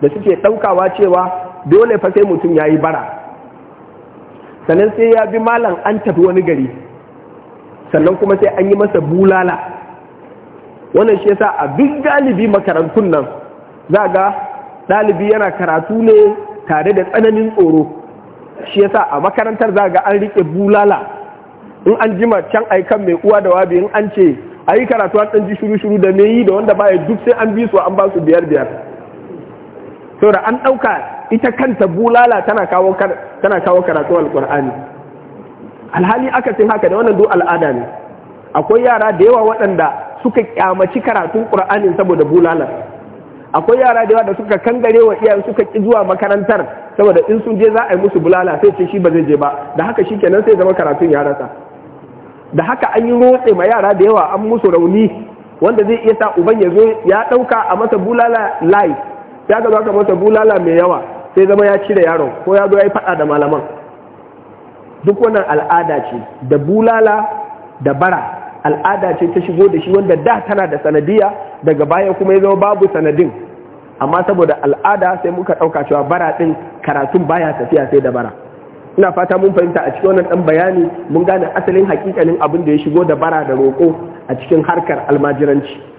da suke ɗaukawa cewa dole fa sai mutum ya yi bara sannan sai ya bi malam an tafi wani gari sannan kuma sai an yi masa bulala wannan shi yasa a duk galibi makarantun nan za ga ɗalibi yana karatu ne tare da tsananin tsoro shi yasa a makarantar za ga an riƙe bulala in an jima can aikan mai uwa da wabi in an ce a yi karatu an ɗan ji shuru-shuru da me yi da wanda baya duk sai an bi su an ba su biyar-biyar saboda an ɗauka ita kanta bulala tana kawo karatu kawo karatu alhali aka sai haka da wannan duk al'ada ne akwai yara da yawa waɗanda suka kyamaci karatun ƙur'ani saboda bulala akwai yara da yawa da suka kangare wa iyayen suka ki zuwa makarantar saboda in sun je za a yi musu bulala sai ce shi ba zai je ba da haka shi kenan sai zama karatun ya rasa da haka an yi rotse ma yara da yawa an musu rauni wanda zai iya sa uban ya zo ya ɗauka a masa bulala live ya gaba ka mata bulala mai yawa sai zama ya cire yaron ko ya zo ya yi faɗa da malaman duk wannan al'ada ce da bulala da bara al'ada ce ta shigo da shi wanda da tana da sanadiya daga baya kuma ya zama babu sanadin amma saboda al'ada sai muka ɗauka cewa bara ɗin karatun baya tafiya sai da bara ina fata mun fahimta a cikin wannan ɗan bayani mun gane asalin hakikalin abin da ya shigo da bara da roƙo a cikin harkar almajiranci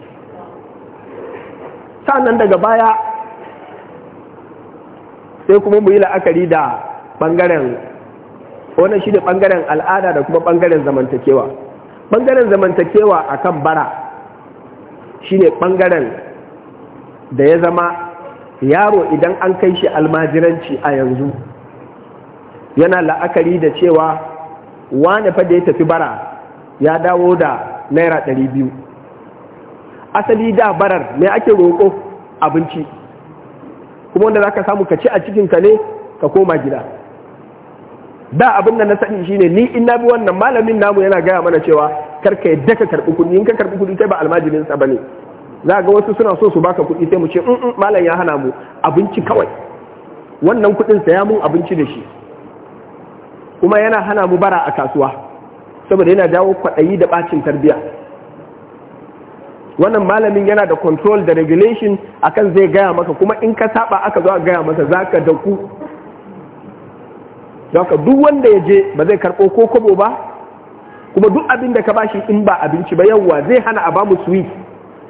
nan daga baya sai kuma mu yi la'akari da bangaren wannan shi ne bangaren al'ada da kuma bangaren zamantakewa bangaren zamantakewa a kan bara shi ne bangaren da ya zama yaro idan an kai shi almajiranci a yanzu yana la'akari da cewa wane fa da ya tafi bara ya dawo da naira biyu. asali da barar mai ake roƙo abinci kuma wanda zaka samu ka ci a cikin ka ne ka koma gida da abin da na sani shine ni in na bi wannan malamin namu yana gaya mana cewa kar ka yadda ka karbi kuɗi in ka karbi kuɗi kai ba almajirin sa ne. za ga wasu suna so su baka kuɗi sai mu ce in mm, mm, malam ya hana mu abinci kawai wannan kuɗin ya mun abinci da shi kuma yana hana mu bara a kasuwa saboda yana jawo kwaɗayi da ɓacin tarbiyya wannan malamin yana da control da regulation akan zai gaya maka kuma in ka saba aka zo a gaya maka zaka da ku zaka duk wanda ya je ba zai karɓo ko kobo ba kuma duk abin da ka bashi in ba abinci ba yawwa zai hana a bamu sweet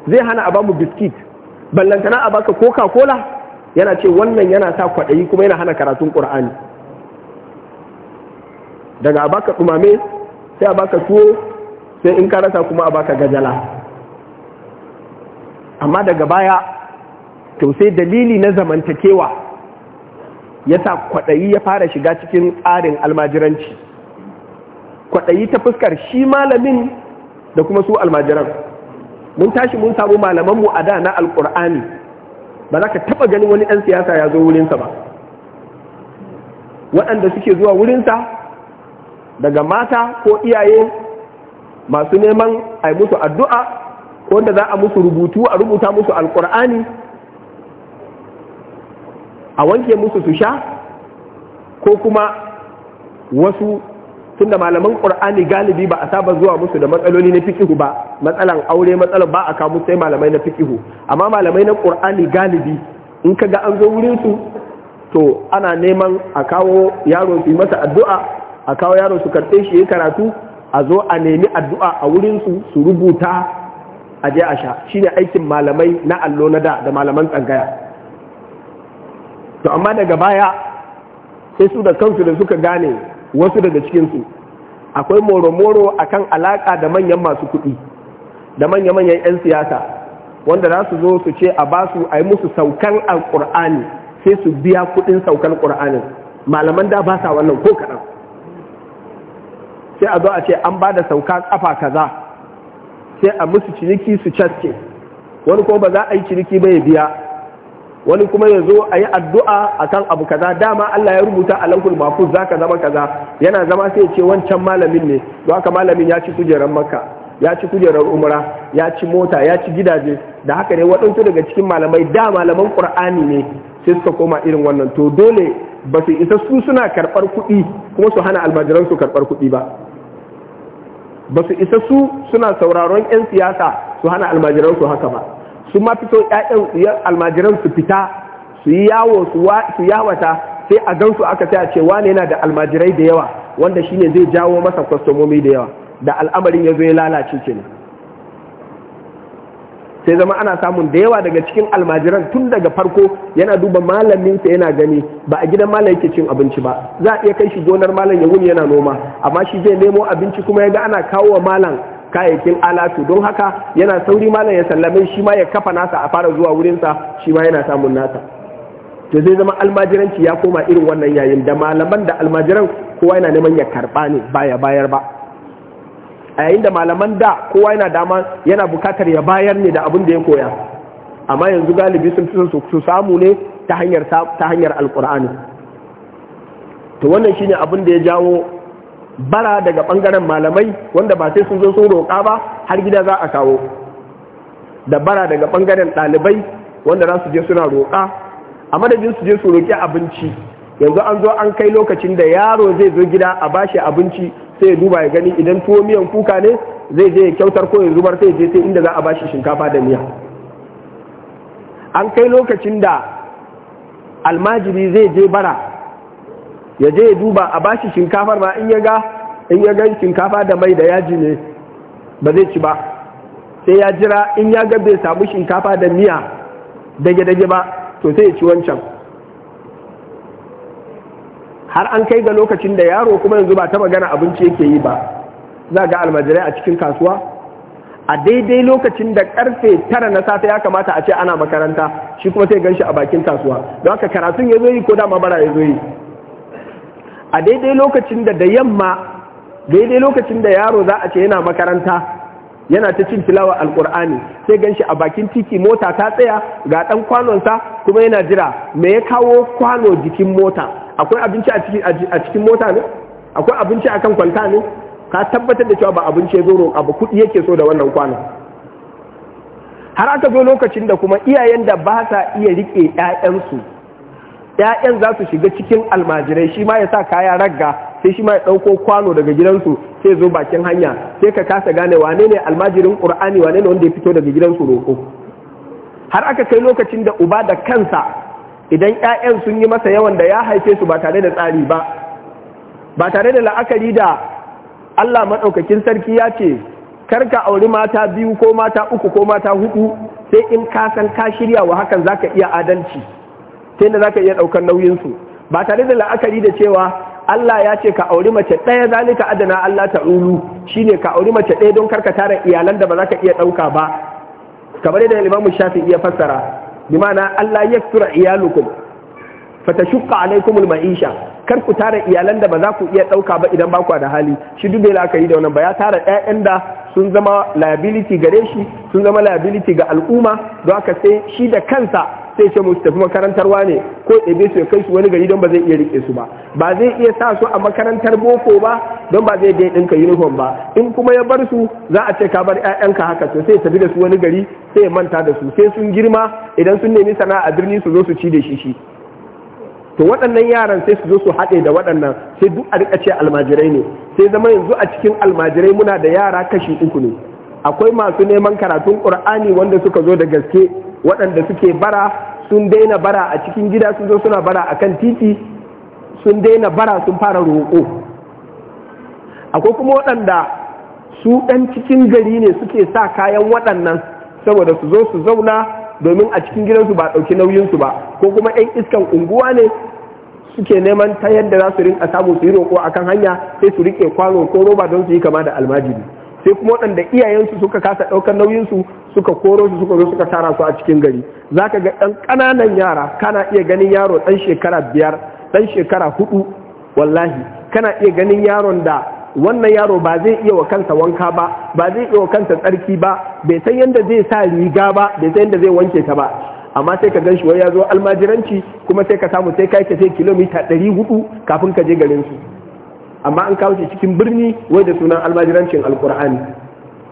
zai hana a bamu biskit ballantana a baka coca cola yana ce wannan yana sa kwaɗayi kuma yana hana karatun ƙur'ani daga a baka ɗumame sai a baka tuwo sai in ka rasa kuma a baka gajala amma daga baya to sai dalili na zamantakewa ya sa kwaɗayi ya fara shiga cikin tsarin almajiranci kwaɗayi ta fuskar shi malamin da kuma su almajiran mun tashi mun samu malamanmu a da na alƙur'ani ba za ka taɓa ganin wani ɗan siyasa ya zo wurinsa ba waɗanda suke zuwa wurinsa daga mata ko iyaye masu neman a musu addu'a wanda za a musu rubutu a rubuta musu alkur'ani a wanke musu su sha ko kuma wasu tunda malaman ƙur'ani galibi ba a saba zuwa musu da matsaloli na fikihu ba matsalan aure matsalan ba a kawo sai malamai na fikihu amma malamai na ƙur'ani galibi in kaga an zo wurin su to ana neman a kawo yaro su yi masa addu'a a kawo yaro su karɓe shi yayin karatu a zo a nemi addu'a a wurin su su rubuta a je a sha shine aikin malamai na allo na da da malaman tsangaya to amma daga baya sai su da kansu da suka gane wasu daga cikinsu akwai moro-moro akan alaƙa da manyan masu kuɗi da manya-manyan 'yan siyasa wanda za su zo su ce a ba su a yi musu saukan alƙur'ani sai su biya kuɗin saukan ƙur'anin malaman da ba sa wannan ko kaɗan sai a zo a ce an ba da sauka ƙafa kaza sai a musu ciniki su caske wani kuma ba za a yi ciniki ba ya biya wani kuma ya zo a yi addu'a a kan abu kaza dama Allah ya rubuta a lankul mafuz za ka zama kaza yana zama sai ce wancan malamin ne don haka malamin ya ci kujerar makka ya ci kujerar umra ya ci mota ya ci gidaje da haka ne waɗansu daga cikin malamai da malaman ƙur'ani ne sai suka koma irin wannan to dole ba su isa su suna karɓar kuɗi kuma su hana almajiransu su karɓar kuɗi ba ba su isa su suna sauraron 'yan siyasa su hana almajiran su haka ba su ma fito 'ya'yan almajiran su fita su yi yawo su yawata sai a gansu aka saya ce wane yana da almajirai da yawa wanda shine zai jawo masa kwastomomi da yawa da al'amarin ya zo ya lalace kenan sai zama ana samun da yawa daga cikin almajiran tun daga farko yana duba malaminsa yana gani ba a gidan malam yake cin abinci ba za a iya kai shi gonar malam ya wuni yana noma amma shi zai nemo abinci kuma ya ga ana kawo wa malam kayayyakin alatu don haka yana sauri malam ya sallame shi ma ya kafa nasa a fara zuwa wurinsa shi ma yana samun nasa to zai zama almajiranci ya koma irin wannan yayin da malaman da almajiran kowa yana neman ya karba ne baya bayar ba a yayin da malaman da kowa yana dama yana bukatar ya bayar ne da abin da ya koya amma yanzu galibi sun fi su samu ne ta hanyar ta alkur'ani to wannan shine abin da ya jawo bara daga bangaren malamai wanda ba sai sun zo sun roƙa ba har gida za a kawo da bara daga bangaren ɗalibai wanda za su je suna roƙa a madadin su je su roƙi abinci yanzu an zo an kai lokacin da yaro zai zo gida a bashi abinci sai ya duba ya gani idan tuwo miyan kuka ne zai je kyautar ko ya zubar sai je sai inda za a bashi shinkafa da miya an kai lokacin da almajiri zai je bara ya je ya duba a bashi shinkafar ma in ya in ya ga shinkafa da mai da yaji ne ba zai ci ba sai ya jira in ya ga bai samu shinkafa da miya dage-dage ba to sai ya ci wancan har an kai ga lokacin da yaro kuma yanzu ba ta magana abinci yake yi ba za ga almajirai a cikin kasuwa a daidai lokacin da karfe tara na safe ya kamata a ce ana makaranta shi kuma sai ganshi a bakin kasuwa don haka karatun ya zo yi ko dama bara ya zo yi a daidai lokacin da da yamma daidai lokacin da yaro za a ce yana makaranta yana ta cin tilawa alkur'ani sai ganshi a bakin tiki mota ta tsaya ga dan kwanonsa kuma yana jira me ya kawo kwano jikin mota akwai abinci a cikin mota ne akwai abinci a kan kwanta ne ka tabbatar da cewa ba abinci ya zo roƙa ba kuɗi yake so da wannan kwanan har aka zo lokacin da kuma iyayen da ba sa iya riƙe 'ya'yansu ‘ya'yan za su shiga cikin almajirai shi ma ya sa kaya ragga sai shi ma ya ɗauko kwano daga gidansu sai zo bakin hanya sai ka kasa gane wane ne almajirin ƙur'ani wane ne wanda ya fito daga gidansu roƙo har aka kai lokacin da uba da kansa idan 'ya'yan sun yi masa yawan da ya haife su ba tare da tsari ba ba tare da la'akari da Allah maɗaukakin sarki ya ce karka auri mata biyu ko mata uku ko mata hudu sai in ka san ka shirya wa hakan zaka iya adalci sai da zaka iya ɗaukar nauyinsu ba tare da la'akari da cewa Allah ya ce ka auri mace ɗaya ka adana Allah ta ta'ulu shine ka auri mace ɗaya don karka tara iyalan da ba za ka iya ɗauka ba kamar yadda Imam Shafi'i ya fassara bimana Allah ya tura iyalukum fata shukka alaikumul ma'isha kar ku tara iyalan da ba za ku iya ɗauka ba idan ba ku da hali shi duk ka yi da wannan ba ya tara 'ya'yan da sun zama liability gare shi sun zama liability ga al'umma don haka sai shi da kansa sai ce musu tafi makarantarwa ne ko ɗebe su ya kai su wani gari don ba zai iya riƙe su ba ba zai iya sa su a makarantar boko ba don ba zai ɗinka uniform ba in kuma ya bar su za a ce ka bar 'ya'yanka haka to sai tafi da su wani gari sai manta da su sai sun girma idan sun nemi sana'a a birni su zo su ci da shi shi to waɗannan yaran sai su zo su haɗe da waɗannan sai duk a rika ce almajirai ne sai zama yanzu a cikin almajirai muna da yara kashi uku ne akwai masu neman karatun ƙur'ani wanda suka zo da gaske waɗanda suke bara sun daina bara a cikin gida sun zo suna bara akan titi sun daina bara sun fara roƙo akwai kuma waɗanda su ɗan cikin gari ne suke sa kayan waɗannan saboda su zo su zauna domin a cikin gidansu ba ɗauki nauyinsu ba ko kuma 'yan iskan unguwa ne suke neman ta yadda za su rinka samu su yi roƙo a kan hanya sai su riƙe kwano ko roba don su yi kama da almajiri sai kuma waɗanda iyayensu suka kasa ɗaukar nauyinsu suka koro su suka zo suka tara su a cikin gari za ka ga ɗan ƙananan yara kana iya ganin yaro ɗan shekara biyar ɗan shekara huɗu wallahi kana iya ganin yaron da wannan yaro ba zai iya wa kansa wanka ba ba zai iya wa kansa tsarki ba bai san yadda zai sa riga ba bai san yadda zai wanke ta ba amma sai ka gan shi wai ya zo almajiranci kuma sai ka samu sai ka tafiya kilomita ɗari hudu kafin ka je garin su amma an kawo shi cikin birni wai da sunan almajirancin alkur'ani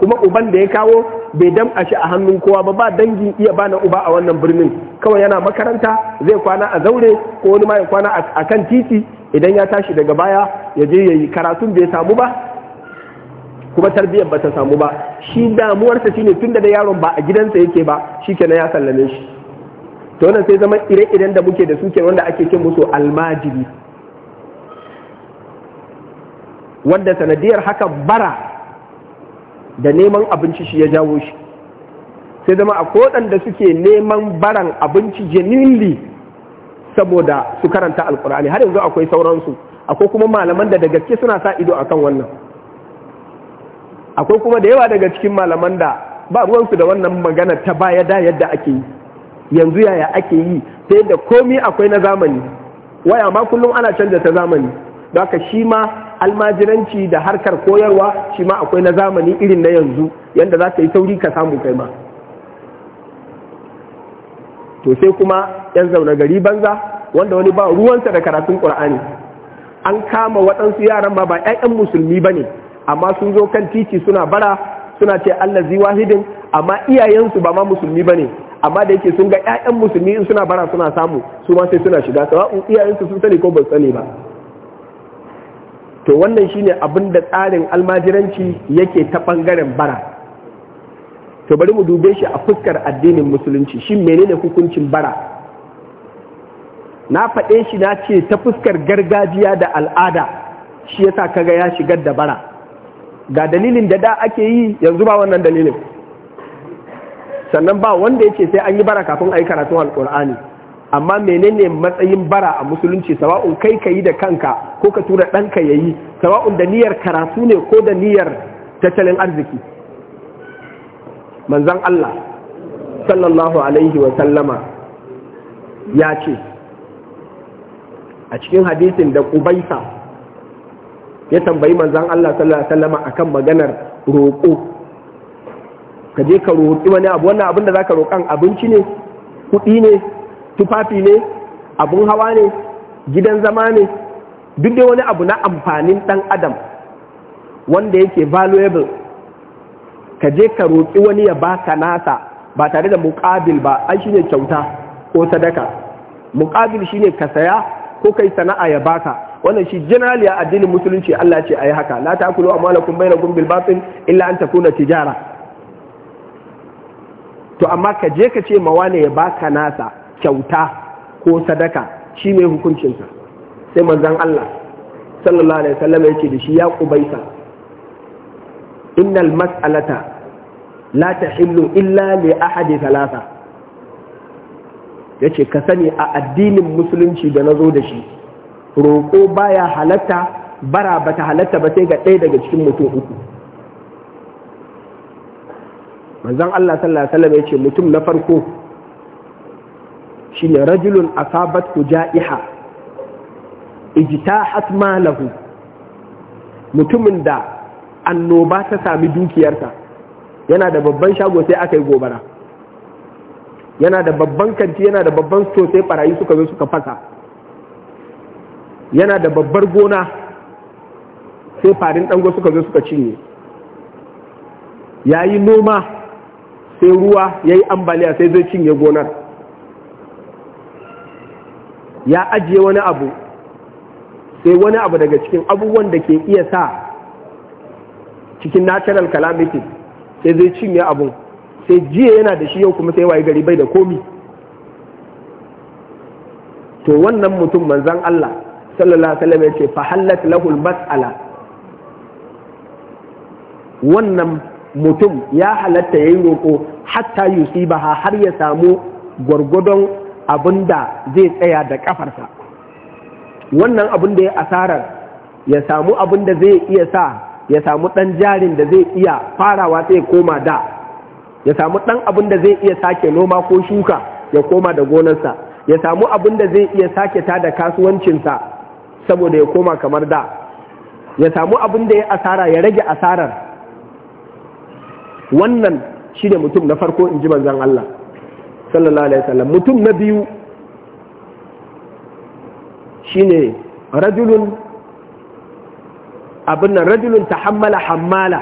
kuma uban da ya kawo bai a shi a hannun kowa ba ba dangin iya bana uba a wannan birnin kawai yana makaranta zai kwana a zaure ko wani ma ya kwana a kan titi idan ya tashi daga baya ya je ya yi karatun bai samu ba kuma tarbiyyar ba ta samu ba shi damuwarsa shine tun da yaron ba a gidansa yake ba shi kenan ya sallame shi to wannan sai zama ire-iren da muke da su kenan wanda ake ce musu almajiri wanda sanadiyar haka bara da neman abinci shi ya jawo shi sai zama a kodan da suke neman baran abinci janili saboda su karanta alkur'ani har yanzu akwai sauransu akwai kuma malaman da daga gaske suna sa ido akan wannan akwai kuma da yawa daga cikin malaman da ba ruwansu da wannan magana ta baya da yadda ake yi yanzu yaya ake yi ta yadda komi akwai na zamani waya ma kullum ana canza ta zamani da shi ma almajiranci da harkar koyarwa shi ma akwai na zamani irin na yanzu yadda za ka yi sauri ka samu kai ma to sai kuma yan zaune gari banza wanda wani ba ruwansa da karatun ƙur'ani an kama waɗansu yaran ba ba 'ya'yan musulmi ba ne amma sun zo kan titi suna bara suna ce Allah zi wahidin amma iyayensu ba ma musulmi ba ne amma da yake sun ga 'ya'yan musulmi in suna bara suna samu su ma sai suna shiga sawa'un iyayensu sun sani ko ba sani ba to wannan shine abin da tsarin almajiranci yake ta ɓangaren bara to bari mu dube shi a fuskar addinin musulunci shi menene hukuncin bara na faɗe shi na ce ta fuskar gargajiya da al'ada shi yasa kaga ya shigar da bara ga dalilin da da ake yi yanzu ba wannan dalilin sannan ba wanda yake sai an yi bara kafin a yi karatun alƙur'ani amma menene matsayin bara a musulunci sawa'un kai ka yi da kanka ko ka tura ɗanka ya yi sawa'un da niyyar karatu ne ko da niyyar tattalin arziki manzan Allah sallallahu alaihi wa sallama ya ce a cikin hadisin da ƙubaisa ya tambayi manzan Allah sallallahu alaihi wa sallama akan maganar roƙo ka je ka roƙi wani abu wannan abin da za ka roƙan abinci ne kuɗi ne tufafi ne abun hawa ne gidan zama ne duk da wani abu na amfanin ɗan adam wanda yake valuable ka je ka roƙi wani ya baka nasa ba tare da muƙabil ba ai ne kyauta ko sadaka muƙabil shine ka saya ko kai sana'a ya baka wannan shi generally a addinin musulunci Allah ce ayi haka la ta'kulu amwalakum bainakum bil batil illa an takuna tijara to amma ka je ka ce mawane ya baka nasa kyauta ko sadaka shi mai hukuncinsa sai manzan Allah sallallahu alaihi wasallam ya ce da shi ya kubaisa innal mas'alata la tahillu illa li ahadi thalatha yace ka sani a addinin musulunci da nazo da shi roƙo baya halatta bara bata halatta ba sai ga ɗaya daga cikin mutum uku manzan Allah sallallahu alaihi wasallam ya ce mutum na farko ne rajulun asabat ku ja'iha ijtahat malahu mutumin da annoba ta sami dukiyarta, yana da babban shago sai aka yi gobara yana da babban kanti yana da babban sosai, sai barayi suka zo suka fasa yana da babbar gona sai farin dango suka zo suka cinye ya yi noma sai ruwa ya yi ambaliya sai zai cinye gonar ya ajiye wani abu sai wani abu daga cikin abubuwan da ke iya sa cikin natural calamity sai zai cinye abun sai jiya yana da shi yau kuma sai waye gari bai da komi to wannan mutum manzan Allah sallallahu alaihi wasallam ya fa hallat lahul mas'ala wannan mutum ya halatta yi roko hatta yusibaha har ya samu gwargwadon abin da zai tsaya da kafarsa wannan abin da ya asarar ya samu abin da zai iya sa ya samu ɗan jarin da zai iya farawa sai ya koma da ya samu ɗan abin da zai iya sake noma ko shuka ya koma da gonarsa ya samu abin da zai iya sake ta da kasuwancinsa saboda ya koma kamar da ya samu abin da ya asara ya rage asarar wannan shi ne mutum na farko in ji manzon Allah sallallahu alaihi wasallam mutum na biyu shine rajulun abin nan rajulun tahammala hammala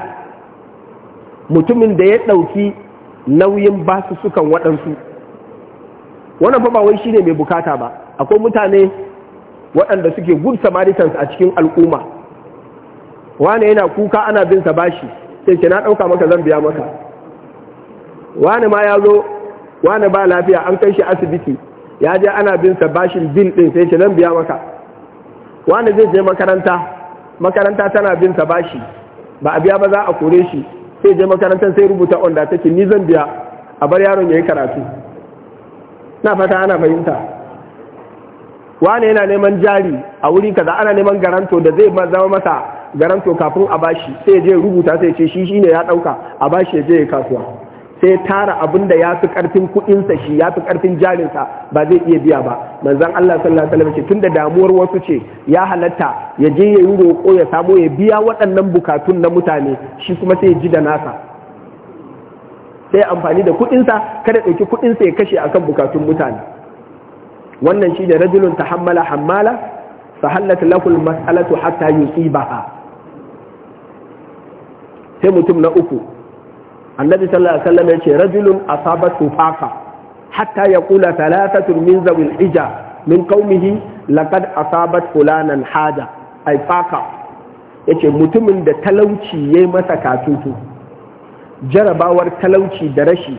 mutumin da ya ɗauki nauyin basu sukan waɗansu wannan fa ba wai shine mai bukata ba akwai mutane waɗanda suke good samaritans a cikin al'umma wane yana kuka ana bin sa bashi sai ke na ɗauka maka zan biya maka wane ma ya zo wani ba lafiya an kai shi asibiti ya je ana bin sa bashin bin din sai ce nan biya maka wani zai je makaranta makaranta tana bin sa bashi ba a biya ba za a kore shi sai je makarantar sai rubuta onda take ni zan biya a bar yaron ya yi karatu na fata ana fahimta wani yana neman jari a wuri kaza ana neman garanto da zai zama masa garanto kafin a bashi sai je rubuta sai ce shi shine ya dauka a bashi ya je ya kasuwa sai tara abin da ya fi karfin kuɗinsa shi ya fi karfin jarinsa ba zai iya biya ba manzon Allah sallallahu alaihi wasallam ce tunda damuwar wasu ce ya halatta ya je ya yi roƙo ya samo ya biya waɗannan bukatun na mutane shi kuma sai ya ji da nasa sai amfani da kuɗinsa kada ɗauki kuɗinsa ya kashe akan bukatun mutane wannan shi da rajulun tahammala hammala fahallat lahul mas'alatu hatta yusibaha sai mutum na uku annabi sallallahu alaihi wasallam yace rajulun asabatu faqa hatta yaqula thalathatu min zawil ija min qaumihi laqad asabat fulanan hada ai faqa yace mutumin da talauci yayi masa katutu jarabawar talauci da rashi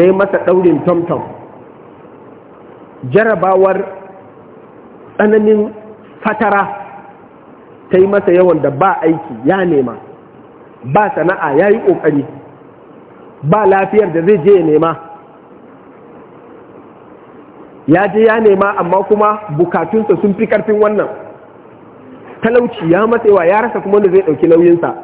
yayi masa daurin tomtom jarabawar tsananin fatara ta yi masa yawan da ba aiki ya nema ba sana'a ya yi ƙoƙari ba lafiyar da zai je ya nema ya je ya nema amma kuma bukatunsa sun fi ƙarfin wannan talauci ya matsewa ya rasa kuma wanda zai ɗauki nauyinsa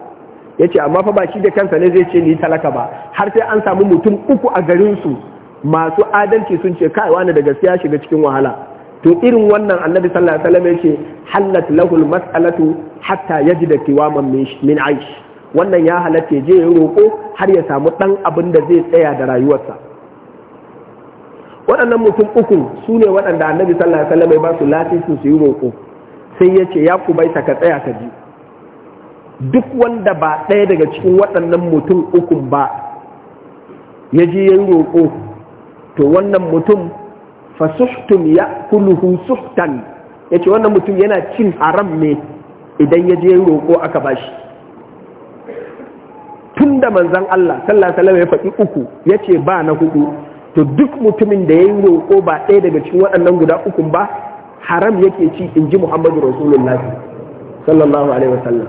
ya ce amma fa ba shi da kansa ne zai ce ni talaka ba har sai an samu mutum uku a garinsu masu adalci sun ce kai wani da gaskiya shiga cikin wahala to irin wannan annabi sallallahu alaihi wasallam ya ce halat lahul mas'alatu hatta yajida qiwaman min aish wannan ya halatta ya je ya roƙo har ya samu ɗan abin da zai tsaya da rayuwarsa waɗannan mutum uku su ne waɗanda annabi sallallahu alaihi wasallam ya ba su lasisin su yi roƙo sai ya ce ya kubaita ka tsaya ka ji duk wanda ba ɗaya daga cikin waɗannan mutum ukun ba ya je ya yi roƙo to wannan mutum fa ya kuluhu suhtan ya ce wannan mutum yana cin haram ne idan ya je ya yi roƙo aka bashi inda manzan Allah sallallahu alaihi wasallam ya faɗi uku yace ba na hudu to duk mutumin da yayi roƙo ba ɗaya daga cikin waɗannan guda uku ba haram yake ci in ji Muhammadu Rasulullahi sallallahu alaihi wasallam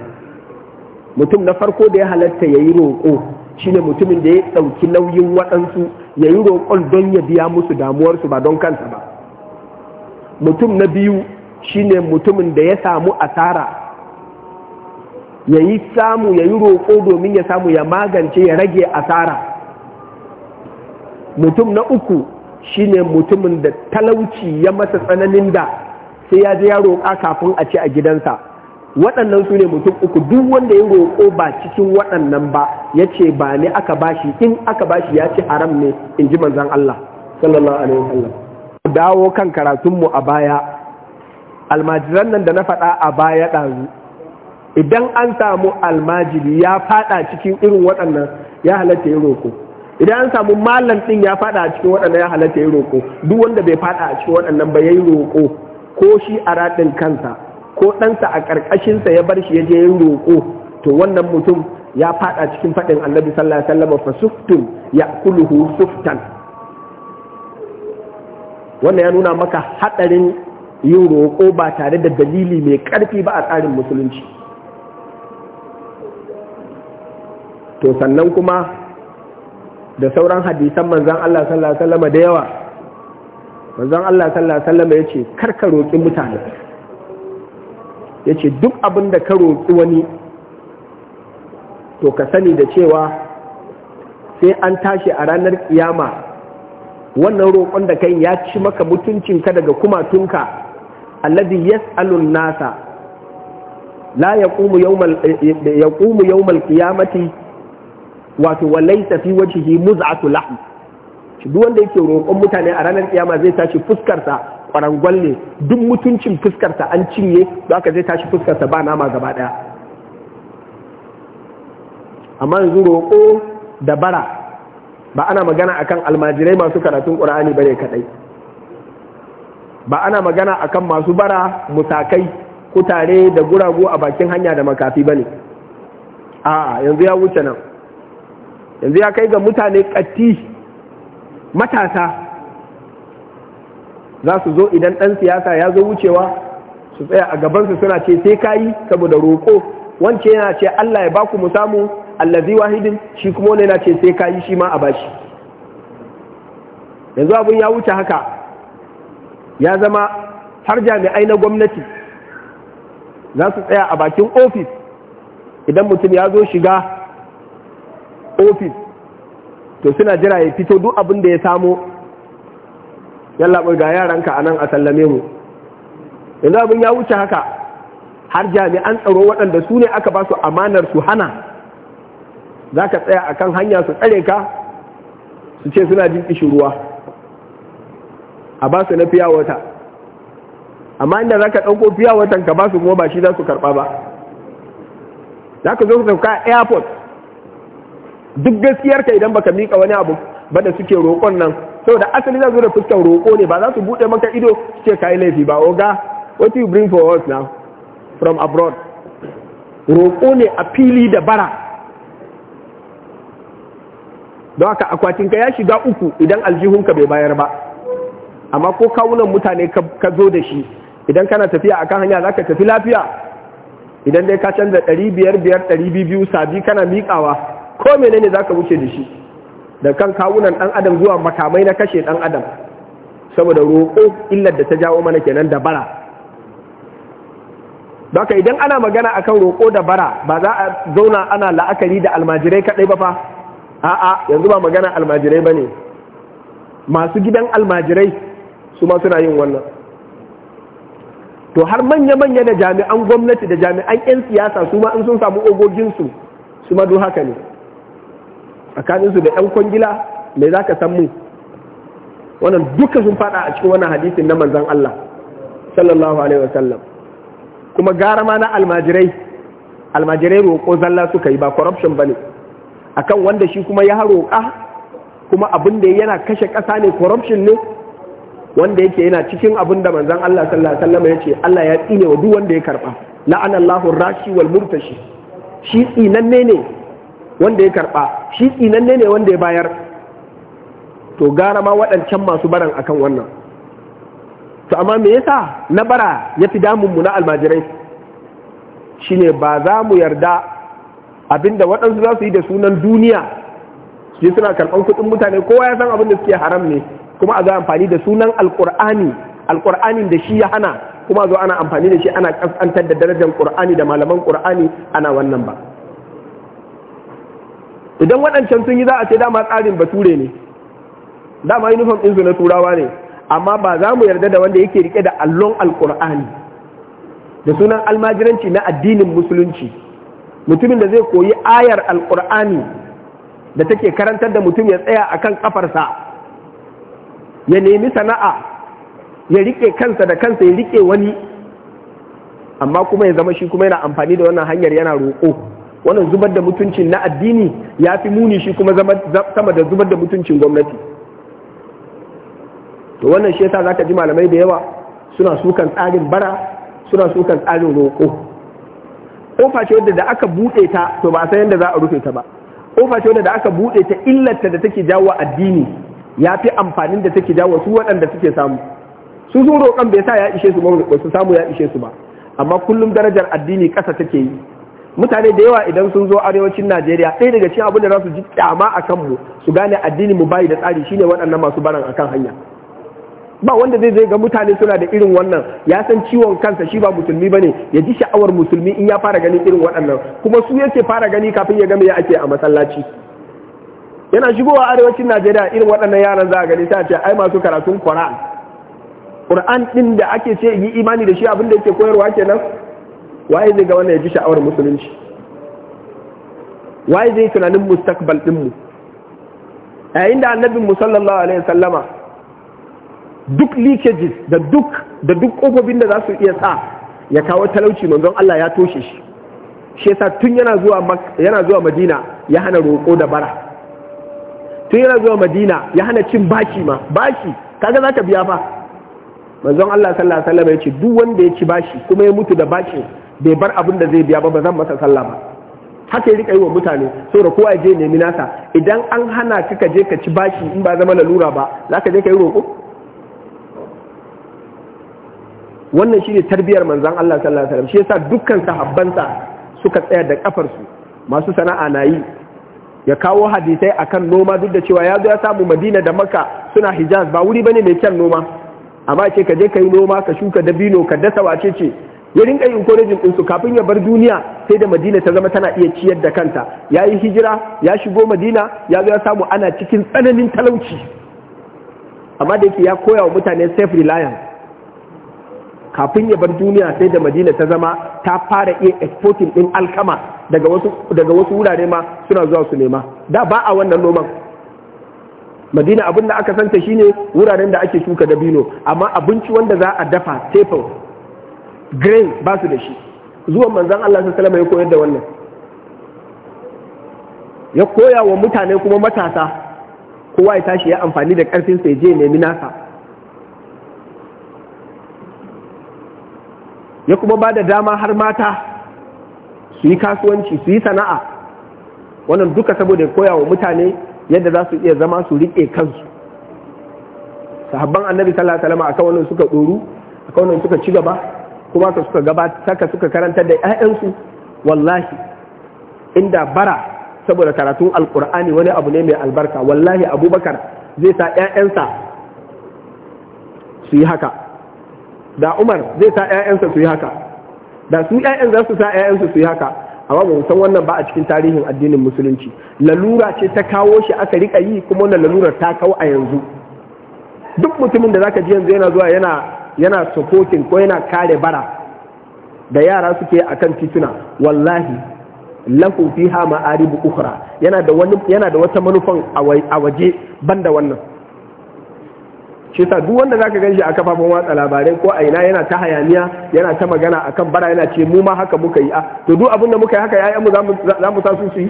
mutum na farko da ya halatta yayi roƙo shine mutumin da ya ɗauki nauyin waɗansu yayi roƙon don ya biya musu damuwarsu ba don kansa ba mutum na biyu shine mutumin da ya samu asara ya yi samu ya yi roƙo domin ya samu ya magance ya rage asara mutum na uku shine mutumin da talauci ya masa tsananin da sai ya je ya roƙa kafin a ce a gidansa waɗannan su ne mutum uku duk wanda ya roƙo ba cikin waɗannan ba ya ce ba ne aka bashi in aka bashi ya ce haram ne in ji manzan Allah sallallahu alaihi wasallam dawo kan karatunmu a baya almajiran nan da na faɗa a baya ɗazu idan an samu almajiri ya fada cikin irin waɗannan ya halatta ya roko idan an samu malam ɗin ya fada a cikin waɗannan ya halatta ya roko duk wanda bai fada a cikin waɗannan ba ya yi roko ko shi a raɗin kansa ko ɗansa a ƙarƙashinsa ya bar shi ya je yin roƙo to wannan mutum ya faɗa cikin faɗin annabi sallallahu alaihi wasallam fa ya suftan wannan ya nuna maka haɗarin yin roƙo ba tare da dalili mai ƙarfi ba a tsarin musulunci to sannan kuma da sauran hadisan manzan Allah sallallahu alaihi wasallam da yawa manzan Allah sallallahu alaihi wasallam kar karka roki mutane ya ce duk abin da ka roki wani to ka sani da cewa sai an tashi a ranar kiyama wannan roƙon da kai ya ci maka mutuncinka daga kumatunka alladhi yas'alun nasa la yaqumu yawmal yaqumu yawmal qiyamati wato walaysa fi wajhihi muz'atu lahm duk wanda yake roƙon mutane a ranar kiyama zai tashi fuskarsa kwarangwal ne duk mutuncin fuskarsa an cinye don haka zai tashi fuskarsa ba nama gaba ɗaya amma yanzu roƙo da bara ba ana magana akan almajirai masu karatun ƙur'ani bane kadai? ba ana magana akan masu bara mutakai kutare da guragu a bakin hanya da makafi bane a yanzu ya wuce nan yanzu ya kai ga mutane ƙatti matasa za su zo idan ɗan siyasa ya zo wucewa su tsaya a gabansu suna ce sai kayi saboda roƙo wance yana ce Allah ya baku mu samu allazi wahidin shi kuma wani yana ce sai kayi shi ma a bashi yanzu abin ya wuce haka ya zama har jami'ai na gwamnati za su tsaya a bakin ofis idan mutum ya zo shiga ofis to suna jira ya fito duk abin da ya samo yalla ga yaranka anan a sallame mu yanzu abin ya wuce haka har jami'an tsaro waɗanda su ne aka ba su amanar su hana za ka tsaya a kan hanya su tsare ka su ce suna jin ƙishin ruwa a ba su na fiya wata amma inda za ka ɗauko fiya watan ka ba su kuma ba shi za su karɓa ba za ka zo ka sauka a airport duk gaskiyar ka idan baka mika wani abu ba da suke roƙon nan saboda asali zai zo da fuskar roƙo ne ba za su bude maka ido suke kai laifi ba oga what you bring for us now from abroad roƙo ne a fili da bara don haka akwatinka ya shiga uku idan aljihunka bai bayar ba amma ko kawunan mutane ka zo da shi idan kana tafiya akan hanya za ka tafi lafiya idan dai ka canza 500 sabi kana miƙawa ko menene ka wuce da shi da kan kawunan dan adam zuwa makamai na kashe dan adam saboda roƙo illar da ta jawo mana kenan da bara Baka idan ana magana akan roƙo da bara ba za a zauna ana la'akari da almajirai kaɗai ba fa a'a yanzu ba magana almajirai ba ne masu gidan almajirai su ma suna yin wannan to har manya-manya da jami'an gwamnati da jami'an 'yan siyasa su ma in sun samu ogoginsu su ma haka ne tsakaninsu da 'yan kwangila mai za ka san mu wannan duka sun fada a cikin wannan hadisin na manzan Allah sallallahu alaihi wasallam kuma gara ma na almajirai almajirai roƙo zalla suka yi ba corruption bane akan wanda shi kuma ya roƙa kuma abin da yana kashe ƙasa ne corruption ne wanda yake yana cikin abin da manzan Allah sallallahu alaihi wasallam ya ce Allah ya tsine wa duk wanda ya karba la'anallahu rashi wal murtashi shi tsinanne ne wanda ya karɓa shi tsinanne ne wanda ya bayar to gara ma waɗancan masu baran akan wannan to amma me yasa na bara ya fi damunmu na almajirai Shi ne ba za mu yarda abinda waɗansu za su yi da sunan duniya su yi suna karɓar kuɗin mutane kowa ya san abin da suke haram ne kuma a zo amfani da sunan alƙur'ani alƙur'anin da shi ya hana kuma zo ana amfani da shi ana ƙasƙantar da darajar ƙur'ani da malaman ƙur'ani ana wannan ba idan waɗancan sun yi za a ce dama tsarin bature ne dama uniform ɗinsu na turawa ne amma ba za mu yarda da wanda yake rike da allon alkur'ani da sunan almajiranci na addinin musulunci mutumin da zai koyi ayar alkur'ani da take karantar da mutum ya tsaya a kan kafarsa ya nemi sana'a ya rike kansa da kansa ya rike wani amma kuma ya zama shi kuma yana amfani da wannan hanyar yana roƙo wannan zubar da mutuncin na addini ya fi muni shi kuma sama da zubar da mutuncin gwamnati to wannan shi yasa zaka ji malamai da yawa suna sukan tsarin bara suna sukan tsarin roƙo kofa ce wadda da aka buɗe ta to ba a san yadda za a rufe ta ba kofa ce wadda da aka buɗe ta illarta da take jawo addini ya fi amfanin da take jawo su waɗanda suke samu su sun roƙon bai sa ya ishe su ba su samu ya ishe su ba amma kullum darajar addini ƙasa take yi mutane da yawa idan sun zo arewacin Najeriya ɗaya daga cikin abin da za su ji kyama a kanmu su gane addini mu bayi da tsari shine waɗannan masu baran akan hanya ba wanda zai zai ga mutane suna da irin wannan ya san ciwon kansa shi ba musulmi ba ne, ya ji sha'awar musulmi in ya fara gani irin waɗannan kuma su yake fara gani kafin ya game ya ake a masallaci yana shigowa arewacin Najeriya irin waɗannan yaran za a gani sai a ce ai masu karatun Qur'an Qur'an din da ake ce yi imani da shi abin da yake koyarwa kenan waye zai ga wannan ya ji sha'awar musulunci waye zai tunanin mustakbal mu yayin da annabin mu sallallahu alaihi sallama duk leakages da duk da duk kofofin da za su iya sa ya kawo talauci manzon Allah ya toshe shi shi yasa tun yana zuwa yana zuwa Madina ya hana roƙo da bara tun yana zuwa Madina ya hana cin bashi ma bashi kaga zaka biya fa manzon Allah sallallahu alaihi wasallama ya ce duk wanda ya ci bashi kuma ya mutu da bashi bai bar abin da zai biya ba ba zan masa sallah ba haka ya rika yi wa mutane saboda kowa je nemi nasa idan an hana kika je ka ci bashi in ba zama lalura ba za ka je ka yi roƙo wannan shine tarbiyar manzan Allah sallallahu alaihi wasallam shi yasa dukkan sahabbansa suka tsaya da kafarsu masu sana'a na yi ya kawo hadisai akan noma duk da cewa ya zo ya samu Madina da Makka suna Hijaz ba wuri bane mai kyan noma amma ce ka je ka yi noma ka shuka dabino ka dasa wace ce ya rinka encouraging din su kafin ya bar duniya sai da Madina ta zama tana iya ciyar da kanta ya yi hijira ya shigo Madina ya zo ya samu ana cikin tsananin talauci amma da yake ya koya wa mutane self reliance kafin ya bar duniya sai da Madina ta zama ta fara iya exporting ɗin alkama daga wasu wurare ma suna zuwa su nema da ba a wannan noman Madina abin da aka santa shine wuraren da ake shuka dabino amma abinci wanda za a dafa staple grain ba su da shi zuwan manzan Allah su salama ya koyar da wannan ya koya wa mutane kuma matasa kowa ya tashi ya amfani da karfin sai je nemi nasa ya kuma ba da dama har mata su yi kasuwanci su yi sana'a wannan duka saboda ya koya wa mutane yadda za su iya zama su riƙe kansu sahabban annabi sallallahu alaihi wasallam akan wannan suka doru akan wannan suka ci gaba kuma ka suka gabata saka suka karanta da 'ya'yansu wallahi inda bara saboda karatun alkur'ani wani abu ne mai albarka wallahi abubakar zai sa 'ya'yansa su yi haka da umar zai sa 'ya'yansa su yi haka da su 'ya'yan za su sa 'ya'yansu su yi haka amma ba san wannan ba a cikin tarihin addinin musulunci lalura ce ta kawo shi aka rika yi kuma wannan lalurar ta kawo a yanzu duk mutumin da zaka ji yanzu yana zuwa yana yana sokokin ko yana kare bara da yara suke a kan tituna wallahi lahu fiha ma'aribu ukhra yana da yana da wata manufan a waje banda wannan shi sa duk wanda zaka ganshi a kafafen watsa labarai ko a ina yana ta hayaniya yana ta magana akan bara yana ce mu ma haka muka yi a ah, to duk abin da muka yi haka yayan mu za mu sa su su yi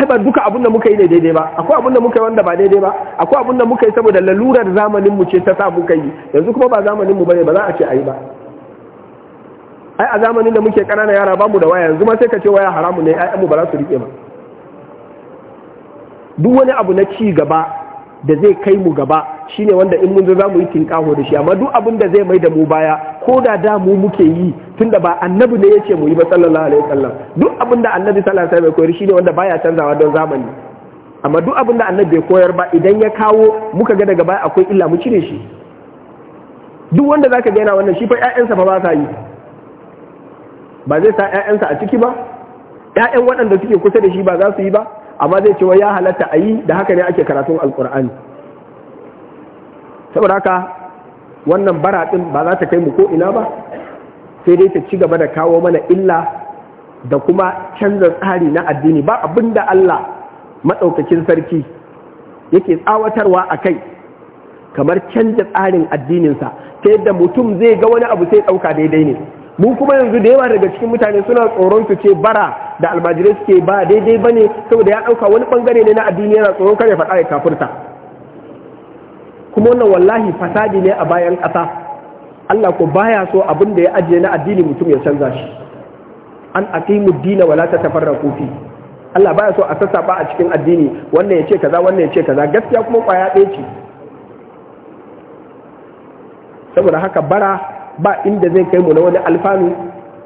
ai ba duka abun da muka yi ne daidai ba akwai abun da muka yi wanda ba daidai ba akwai abun da muka yi saboda lalurar zamanin mu ce ta sa muka yi yanzu kuma ba zamanin mu bane ba za a ce ayi ba ai a zamanin da muke kanana yara ba mu da waya yanzu ma sai ka ce waya haramu ne ai mu ba za su rike ba duk wani abu na ci gaba da zai kai mu gaba shine wanda in mun zo za mu yi tinkaho da shi amma duk abin da zai mai da mu baya ko da da mu muke yi tunda ba annabi ne yace mu yi ba sallallahu alaihi wasallam duk abin da annabi sallallahu alaihi wasallam koyar shine wanda baya canzawa don zamani amma duk abin da annabi bai koyar ba idan ya kawo muka ga daga baya akwai illa mu cire shi duk wanda zaka ga yana wannan shi fa ƴaƴansa fa ba sa yi ba zai sa ƴaƴansa a ciki ba ƴaƴan waɗanda suke kusa da shi ba za su yi ba amma zai ce wa ya halatta a yi da haka ne ake karatun alkur'ani saboda haka wannan bara ɗin ba za ta kai mu ko ina ba sai dai ta ci gaba da kawo mana illa da kuma canza tsari na addini ba abin da Allah maɗaukakin sarki yake tsawatarwa a kai kamar canza tsarin addininsa ta yadda mutum zai ga wani abu sai ɗauka daidai ne mu kuma yanzu da yawa daga cikin mutane suna tsoron su ce bara da almajirai suke ba daidai ba ne saboda ya ɗauka wani bangare ne na addini yana tsoron kare faɗa ya kafurta kuma wannan wallahi fasadi ne a bayan kasa. Allah ko baya so abin da ya ajiye na addini mutum ya canza shi an aqimu dina wala tatafarraqu fi Allah baya so a sassaba a cikin addini wannan ya ce kaza wannan ya ce kaza gaskiya kuma kwaya ɗaya ce saboda haka bara ba inda zai kai mu na wani alfanu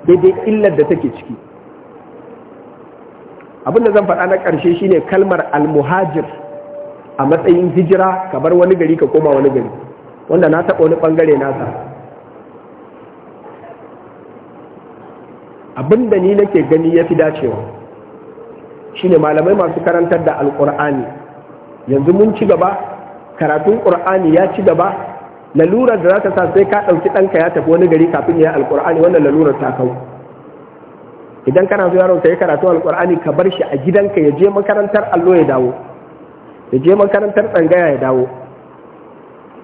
daidai illar da take ciki abin da zan faɗa na ƙarshe shine kalmar almuhajir a matsayin hijira ka bar wani gari ka koma wani gari wanda na taɓa wani ɓangare nasa abin da ni nake gani ya fi dacewa shine malamai masu karantar da alƙur'ani yanzu mun ci gaba karatun ƙur'ani ya ci gaba lalurar da za ta sa sai ka ɗauki ɗanka ya tafi wani gari kafin ya alƙur'ani wannan lalurar ta kawo idan kana zuwa yaron ka yi karatu alƙur'ani ka bar shi a gidanka ya je makarantar allo ya dawo ya je makarantar tsangaya ya dawo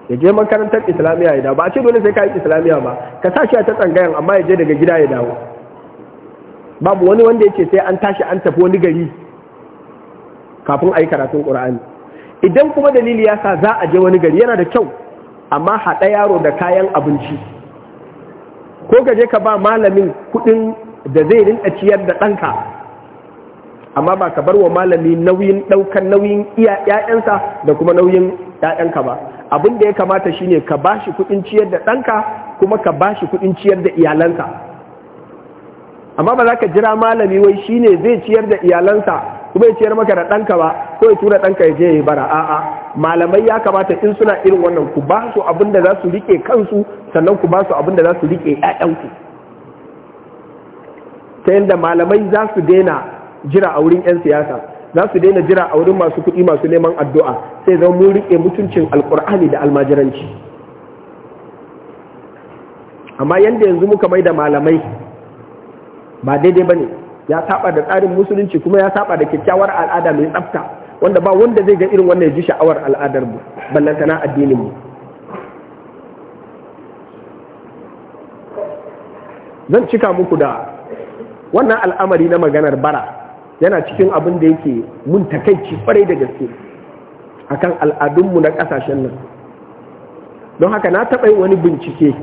ya je makarantar islamiyya ya dawo ba a ce dole sai ka yi islamiyya ba ka sa shi a ta tsangayan amma ya je daga gida ya dawo babu wani wanda ya ce sai an tashi an tafi wani gari kafin a yi karatun ƙur'ani idan kuma dalili ya sa za a je wani gari yana da kyau amma haɗa yaro da kayan abinci ko gaje ka ba malamin kuɗin da zai rinka ciyar da ɗanka amma ba ka bar wa malami nauyin ɗaukar nauyin ‘ya'yansa da kuma nauyin ‘ya'yanka ba abin da ya kamata shine ka ba shi kuɗin ciyar da ɗanka kuma ka ba shi kuɗin ciyar da iyalansa, amma ba za ka jira malami wai shine zai ciyar da iyalansa kuma ya ciyar maka da ɗanka ba ko ya tura ɗanka ya je ya yi bara a'a malamai ya kamata in suna irin wannan ku ba su abin da za su rike kansu sannan ku ba su abin da za su rike ƴaƴanku ta yadda malamai za su daina jira a wurin 'yan siyasa za su daina jira a wurin masu kuɗi masu neman addu'a sai zama mun rike mutuncin alƙur'ani da almajiranci amma yadda yanzu muka mai da malamai ba daidai ba ne ya saba da tsarin musulunci kuma ya saba da kyakkyawar al'ada mai tsafta wanda ba wanda zai ga irin wannan ya ji sha'awar al'adar mu ballantana addinin mu zan cika muku da wannan al'amari na maganar bara yana cikin abin da yake mun takaici kwarai da gaske akan al'adun mu na kasashen nan don haka na taɓa yin wani bincike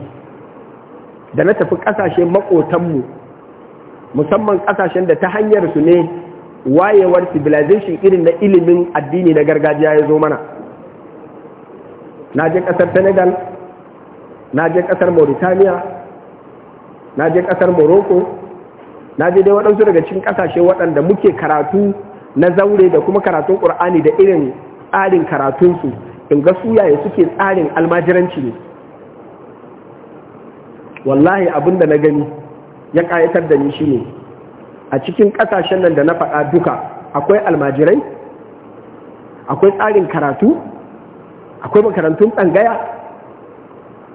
da na tafi ƙasashe maƙotanmu musamman kasashen da ta hanyar su ne wayewar civilization irin na ilimin addini na gargajiya ya zo mana na je kasar senegal na je kasar mauritania na je kasar morocco na je dai waɗansu daga cikin kasashe waɗanda muke karatu na zaure da kuma karatun ƙur'ani da irin tsarin karatunsu in ga suyaye suke tsarin almajiranci ne wallahi abin da na gani ya ƙayatar da ni shi ne a cikin ƙasashen nan da na faɗa duka akwai almajirai akwai tsarin karatu akwai makarantun ɗangaya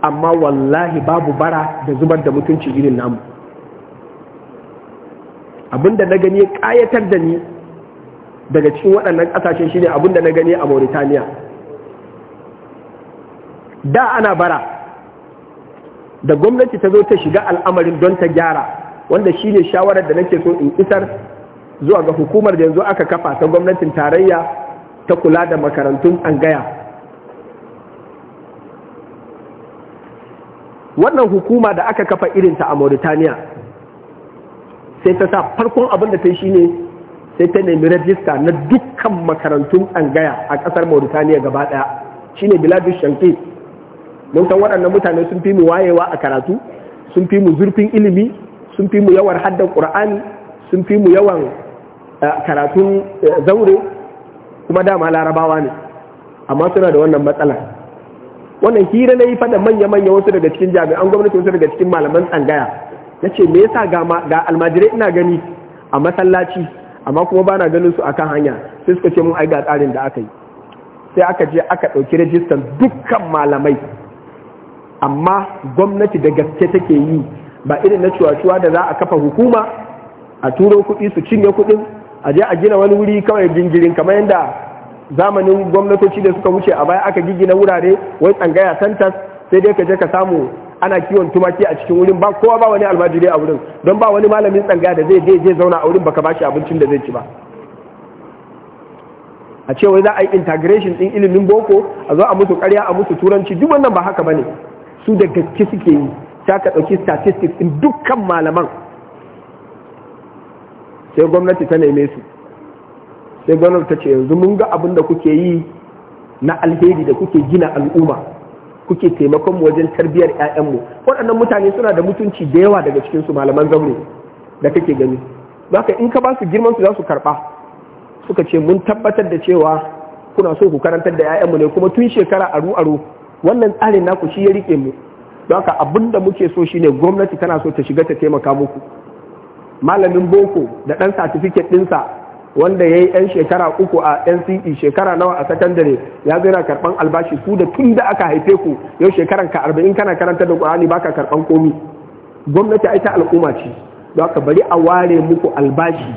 amma wallahi babu bara da zubar da mutunci irin namu abinda na gani ƙayatar da ni daga cikin waɗannan ƙasashen shine abinda na gani a mauritaniya da ana bara da gwamnati ta zo ta shiga al'amarin don ta gyara wanda shi ne shawarar da nake so in isar zuwa ga hukumar da yanzu aka kafa ta gwamnatin tarayya ta kula da makarantun gaya wannan hukuma da aka kafa irinta a mauritaniya sai ta sa farkon abin da ta yi shine sai ta nemi rajista na dukkan makarantun tsangaya a ƙasar mauritaniya gaba ɗaya shine Biladus shanke mun san waɗannan mutane sun fi mu wayewa a karatu sun fi mu zurfin ilimi sun fi mu yawan haddan qur'ani sun fi mu yawan eh, karatun eh, zaure kuma dama larabawa ne amma suna da wannan matsala wannan hira na yi fada manya-manya wasu daga cikin jami'an gwamnati wasu daga cikin malaman tsangaya na ce me yasa ga almajirai ina gani a masallaci amma kuma ba na ganin su akan hanya sai suka ce mun ai ga tsarin da aka yi sai aka je aka ɗauki rajistan dukkan malamai amma gwamnati da gaske take yi ba irin na cuwa-cuwa da za a kafa hukuma a turo kuɗi su cinye kuɗin a je a gina wani wuri kawai gingirin kamar yadda zamanin gwamnatoci da suka wuce a baya aka na wurare wai tsangaya santas sai dai ka je ka samu ana kiwon tumaki a cikin wurin ba kowa ba wani almajiri a wurin don ba wani malamin tsangaya da zai je zai zauna a wurin baka shi abincin da zai ci ba a ce wai za a yi integration din ilimin boko a zo a musu karya a musu turanci duk wannan ba haka bane su da gaske suke yi ta ka ɗauki statistics in dukkan malaman sai gwamnati ta neme su sai gwamnati ta ce yanzu mun ga abin da kuke yi na alheri da kuke gina al'umma kuke taimakon mu wajen tarbiyyar 'ya'yanmu waɗannan mutane suna da mutunci da yawa daga cikinsu malaman zaure da kake gani haka in ka ba su girman za su karɓa suka ce mun tabbatar da cewa kuna so ku karantar da 'ya'yanmu ne kuma tun shekara aru-aru wannan tsarin naku shi ya rike mu don haka abin da muke so shine gwamnati tana so ta shiga ta taimaka muku malamin boko da ɗan satifiket ɗinsa wanda ya yi ɗan shekara uku a nce shekara nawa a sakandare ya zira karɓan albashi ku da tun da aka haife ku yau shekaran ka arba'in kana karanta da ƙwarani ka karɓan komi gwamnati ai ta al'umma ce don haka bari a ware muku albashi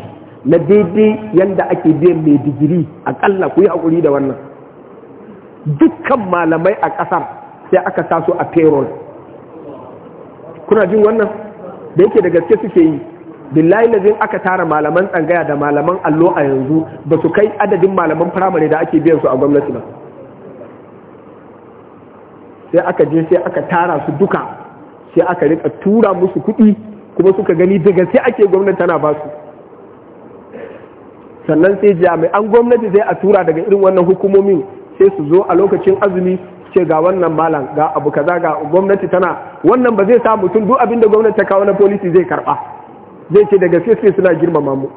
na daidai yanda ake biyan mai digiri akalla ku yi haƙuri da wannan dukkan malamai a ƙasar sai aka taso a payroll kuna jin wannan da yake da gaske suke yi billahi lazin aka tara malaman tsangaya da malaman allo a yanzu ba su kai adadin malaman firamare da ake biyan su a gwamnati ba sai aka je sai aka tara su duka sai aka rika tura musu kuɗi kuma suka gani daga sai ake gwamnati tana ba su sannan sai jami'an gwamnati zai a tura daga irin wannan hukumomin sai su zo a lokacin azumi ce ga wannan malam ga abu kaza ga gwamnati tana wannan ba zai sa mutum duk abin da gwamnati ta kawo na polisi zai karba zai ce da gaske sai suna girmama mu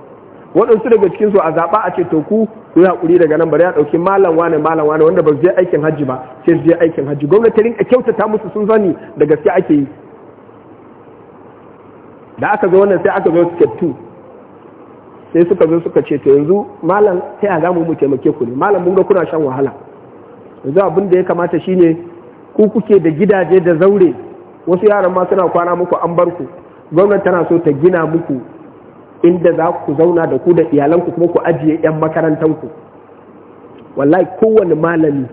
waɗansu daga cikin su a zaɓa a ce to ku ku yi haƙuri daga nan bari ya ɗauki malam wane malam wane wanda ba su je aikin hajji ba sai zai je aikin hajji gwamnati ta rinka kyautata musu sun zani da gaske ake yi da aka zo wannan sai aka zo step 2 sai suka zo suka ce to yanzu malam sai a mu mu taimake ku ne malam mun ga kuna shan wahala yanzu abin da ya kamata shine ku kuke da gidaje da zaure wasu yaran ma suna kwana muku an bar ku gwamnati tana so ta gina muku inda za ku zauna da ku da iyalanku kuma ku ajiye 'yan makarantanku wallahi kowane malami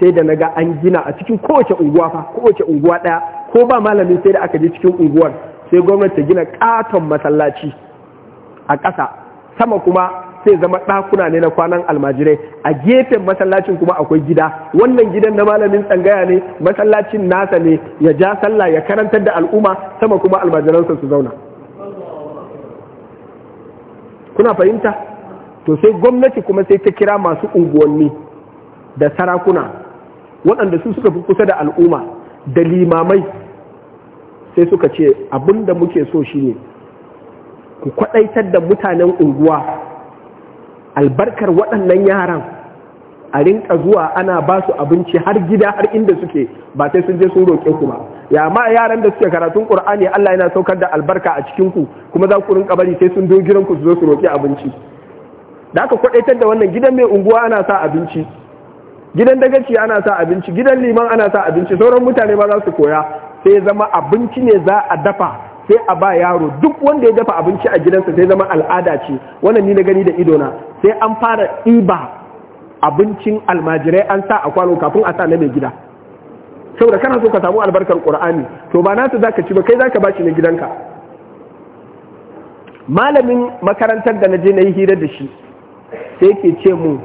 sai da naga an gina a cikin kowace unguwa fa kowace unguwa ɗaya ko ba malami sai da aka je cikin unguwar sai gwamnati ta gina katon masallaci a ƙasa sama kuma sai zama ɗakuna ne na kwanan almajirai a gefen masallacin kuma akwai gida wannan gidan na malamin tsangaya ne masallacin nasa ne ya ja sallah ya karantar da al'umma sama kuma almajiransa su zauna kuna fahimta to sai gwamnati kuma sai ta kira masu unguwanni da sarakuna waɗanda su suka fi kusa da al'umma da limamai sai suka ce abin da muke so shine ku kwaɗaitar da mutanen unguwa albarkar waɗannan yaran a rinka zuwa ana ba su abinci har gida har inda suke ba sai sun je sun roƙe ku ba ya ma yaran da suke karatun qur'ani Allah yana saukar da albarka a cikin ku kuma za ku rinka bari sai sun gidan ku su zo su roƙi abinci da aka kwadaitar da wannan gidan mai unguwa ana sa abinci gidan dagaci ana sa abinci gidan liman ana sa abinci sauran mutane ma za su koya sai zama abinci ne za a dafa sai a ba yaro duk wanda ya dafa abinci a gidansa sai zama al'ada ce wannan ni na gani da idona sai an fara ɗiba abincin almajirai an sa a kwano kafin a sa na mai gida saboda kana so ka samu albarkar qur'ani to ba nasu zaka ci ba kai zaka shi na gidanka malamin makarantar da na je na yi hira da shi sai ke ce mu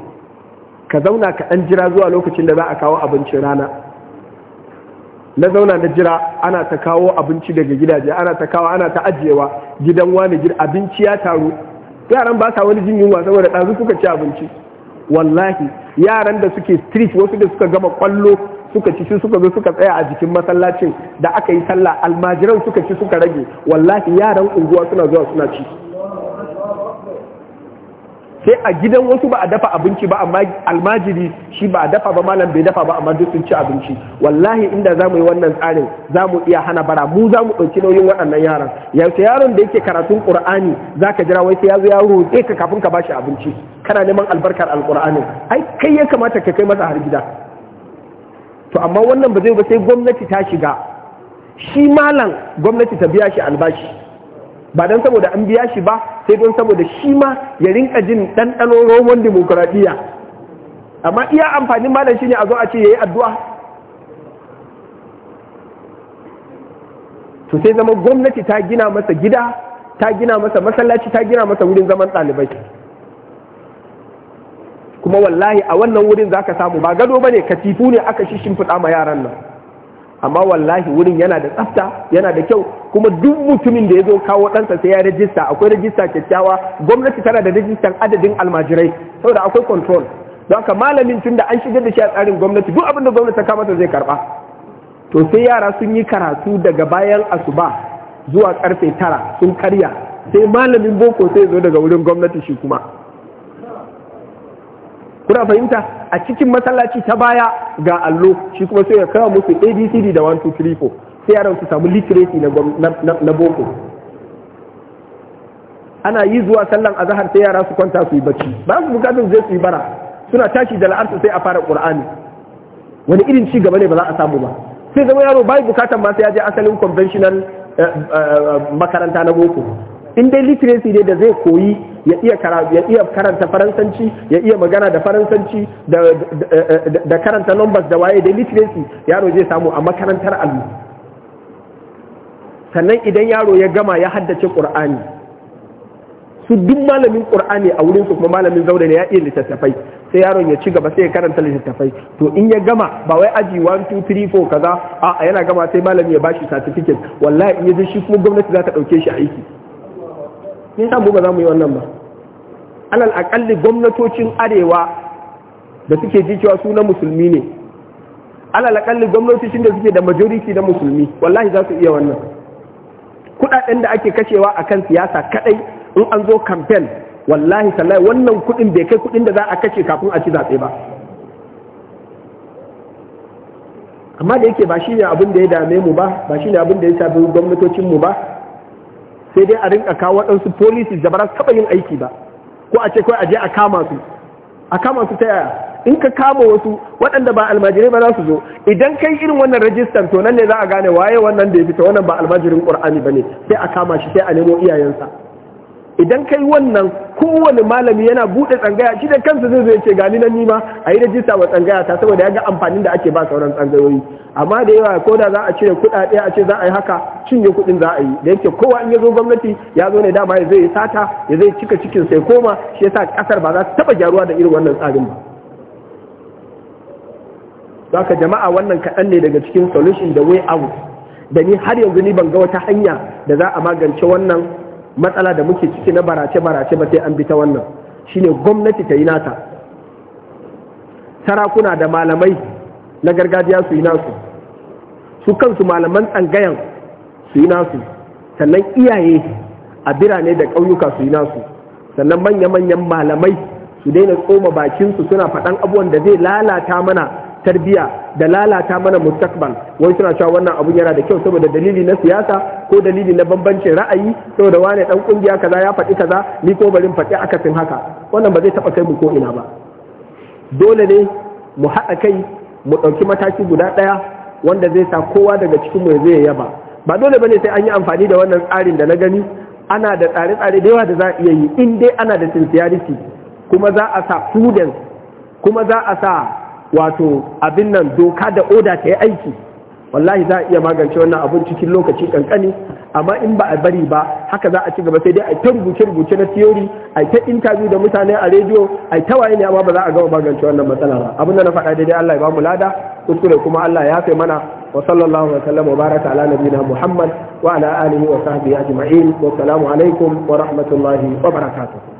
ka zauna ka ɗan jira zuwa lokacin da za a kawo abincin rana na zauna na jira ana ta kawo abinci daga gidaje ana ta kawo ana ta ajiyewa gidan wani gida abinci ya taru yaran ba sa wani jin yunwa saboda ɗazu suka ci abinci wallahi yaran da suke street wasu da suka gama kwallo suka ci su suka zo suka tsaya a jikin masallacin da aka yi sallah almajiran suka ci suka rage wallahi yaran unguwa suna zuwa suna ci sai a gidan wasu ba a dafa abinci ba amma almajiri shi ba a dafa ba malam bai dafa ba amma duk sun ci abinci wallahi inda za mu yi wannan tsarin za mu iya hana bara mu za mu ɗauki nauyin waɗannan yaran yaushe yaron da yake karatun ƙur'ani za ka jira wai sai ya zo ya roƙe ka kafin ka bashi abinci kana neman albarkar alƙur'ani ai kai ya kamata ka kai masa har gida to amma wannan ba zai ba sai gwamnati ta shiga shi malam gwamnati ta biya shi albashi ba don saboda an biya shi ba sai don saboda shi ma ya rinka jin ɗanɗano roman demokuraɗiyya amma iya amfanin malam shi ne a zo a ce ya yi addu'a to sai zama gwamnati ta gina masa gida ta gina masa masallaci ta gina masa wurin zaman ɗalibai kuma wallahi a wannan wurin za ka samu ba gado ba ne katifu ne aka shi shimfiɗa ma yaran nan amma wallahi wurin yana da tsafta yana da kyau kuma duk mutumin da ya zo kawo ɗansa sai ya rajista akwai rajista kyakkyawa gwamnati tana da rajistan adadin almajirai saboda akwai control don haka malamin tun da an shigar da shi a tsarin gwamnati duk abin da gwamnati ta kama ta zai karba to sai yara sun yi karatu daga bayan asuba zuwa karfe tara sun karya sai malamin boko sai zo daga wurin gwamnati shi kuma kuna fahimta a cikin masallaci ta baya ga allo shi kuma sai ya kawo musu abcd da 1 2 3 sai yaran su samu literacy na boko ana yi zuwa sallan azahar sai yara su kwanta su yi bacci ba su bukatun zai su yi bara suna tashi da la'arsu sai a fara qur'ani wani irin ci gaba ne ba za a samu ba sai zama yaro bai bukatan ma sai ya je asalin conventional eh, eh, eh, makaranta na boko in dai literacy ne da zai koyi ya iya ya karanta faransanci ya iya magana da faransanci da karanta numbers da waye da literacy yaro zai samu a makarantar allo sannan idan yaro ya gama ya haddace qur'ani su duk malamin qur'ani a wurin su kuma malamin zaure ne ya iya littattafai sai yaron ya ci gaba sai ya karanta littattafai to in ya gama ba wai aji 1 2 3 4 kaza a yana gama sai malami ya bashi certificate wallahi in ya je shi kuma gwamnati za ta dauke shi aiki me mu ba za mu yi wannan ba alal akalli gwamnatocin arewa da suke ji cewa su na musulmi ne alal akalli gwamnatocin da suke da majority na musulmi wallahi za su iya wannan kudaden da ake kashewa a kan siyasa kaɗai in an zo campaign wallahi sallai wannan kuɗin bai kai kuɗin da za a kashe kafin a ci zaɓe ba amma da yake ba shi ne abin da ya dame mu ba ba shi ne abin da ya shafi gwamnatocinmu ba sai dai a rinka kawo waɗansu policies da ba za su taɓa yin aiki ba ko a ce kawai a je a kama su a kama su ta yaya in ka kama wasu waɗanda ba almajirai ba za su zo idan kai irin wannan rajistar to nan ne za a gane waye wannan da ya fita wannan ba almajirin ƙur'ani ba ne sai a kama shi sai a nemo iyayensa idan kai wannan kowane malami yana bude tsangaya shi da kansa zai zai ce gani nan nima a yi rajista wa tsangaya ta saboda ya ga amfanin da ake ba sauran tsangayoyi amma da yawa ko da za a cire kuɗaɗe a ce za a yi haka cinye kuɗin za a yi da yake kowa in ya zo gwamnati ya zo ne dama ya zai sata ya zai cika cikin sai koma shi yasa kasar ba za ta taɓa gyaruwa da irin wannan tsarin ba. Zaka jama'a wannan kaɗan ne daga cikin solution da way out da ni har yanzu ni ban ga wata hanya da za a magance wannan matsala da muke ciki na barace-barace ba sai an bi ta wannan shine gwamnati ta yi nata sarakuna da malamai na gargajiya su yi nasu su kansu malaman tsangayan su yi nasu sannan iyaye a birane da ƙauyuka su yi nasu sannan manya-manyan malamai su daina tsoma bakinsu suna faɗan abubuwan da zai lalata mana tarbiya da lalata mana mustakbal wai suna cewa wannan abun yana da kyau saboda dalili na siyasa ko dalili na bambancin ra'ayi saboda wane dan kungiya kaza ya faɗi kaza ni ko barin faɗi akasin haka wannan ba zai taɓa kai mu ko ina ba dole ne mu haɗa kai mu ɗauki mataki guda ɗaya wanda zai sa kowa daga cikin mu zai yaba ba dole ne sai an yi amfani da wannan tsarin da na gani ana da tsare-tsare da yawa da za a iya yi in dai ana da sincerity kuma za a sa prudence kuma za a sa wato abin nan doka da oda ta yi aiki wallahi za a iya magance wannan abin cikin lokaci kankani amma in ba a bari ba haka za a ci gaba sai dai a ta rubuce rubuce na theory a ta interview da mutane a rediyo a ta waye ne amma ba za a gama magance wannan matsala ba abin da na faɗa daidai Allah ya ba mu lada kuskure kuma Allah ya fai mana wa sallallahu wa sallam wa baraka ala nabiyina Muhammad wa ala alihi wa sahbihi ajma'in wa salamu alaikum wa rahmatullahi wa barakatuh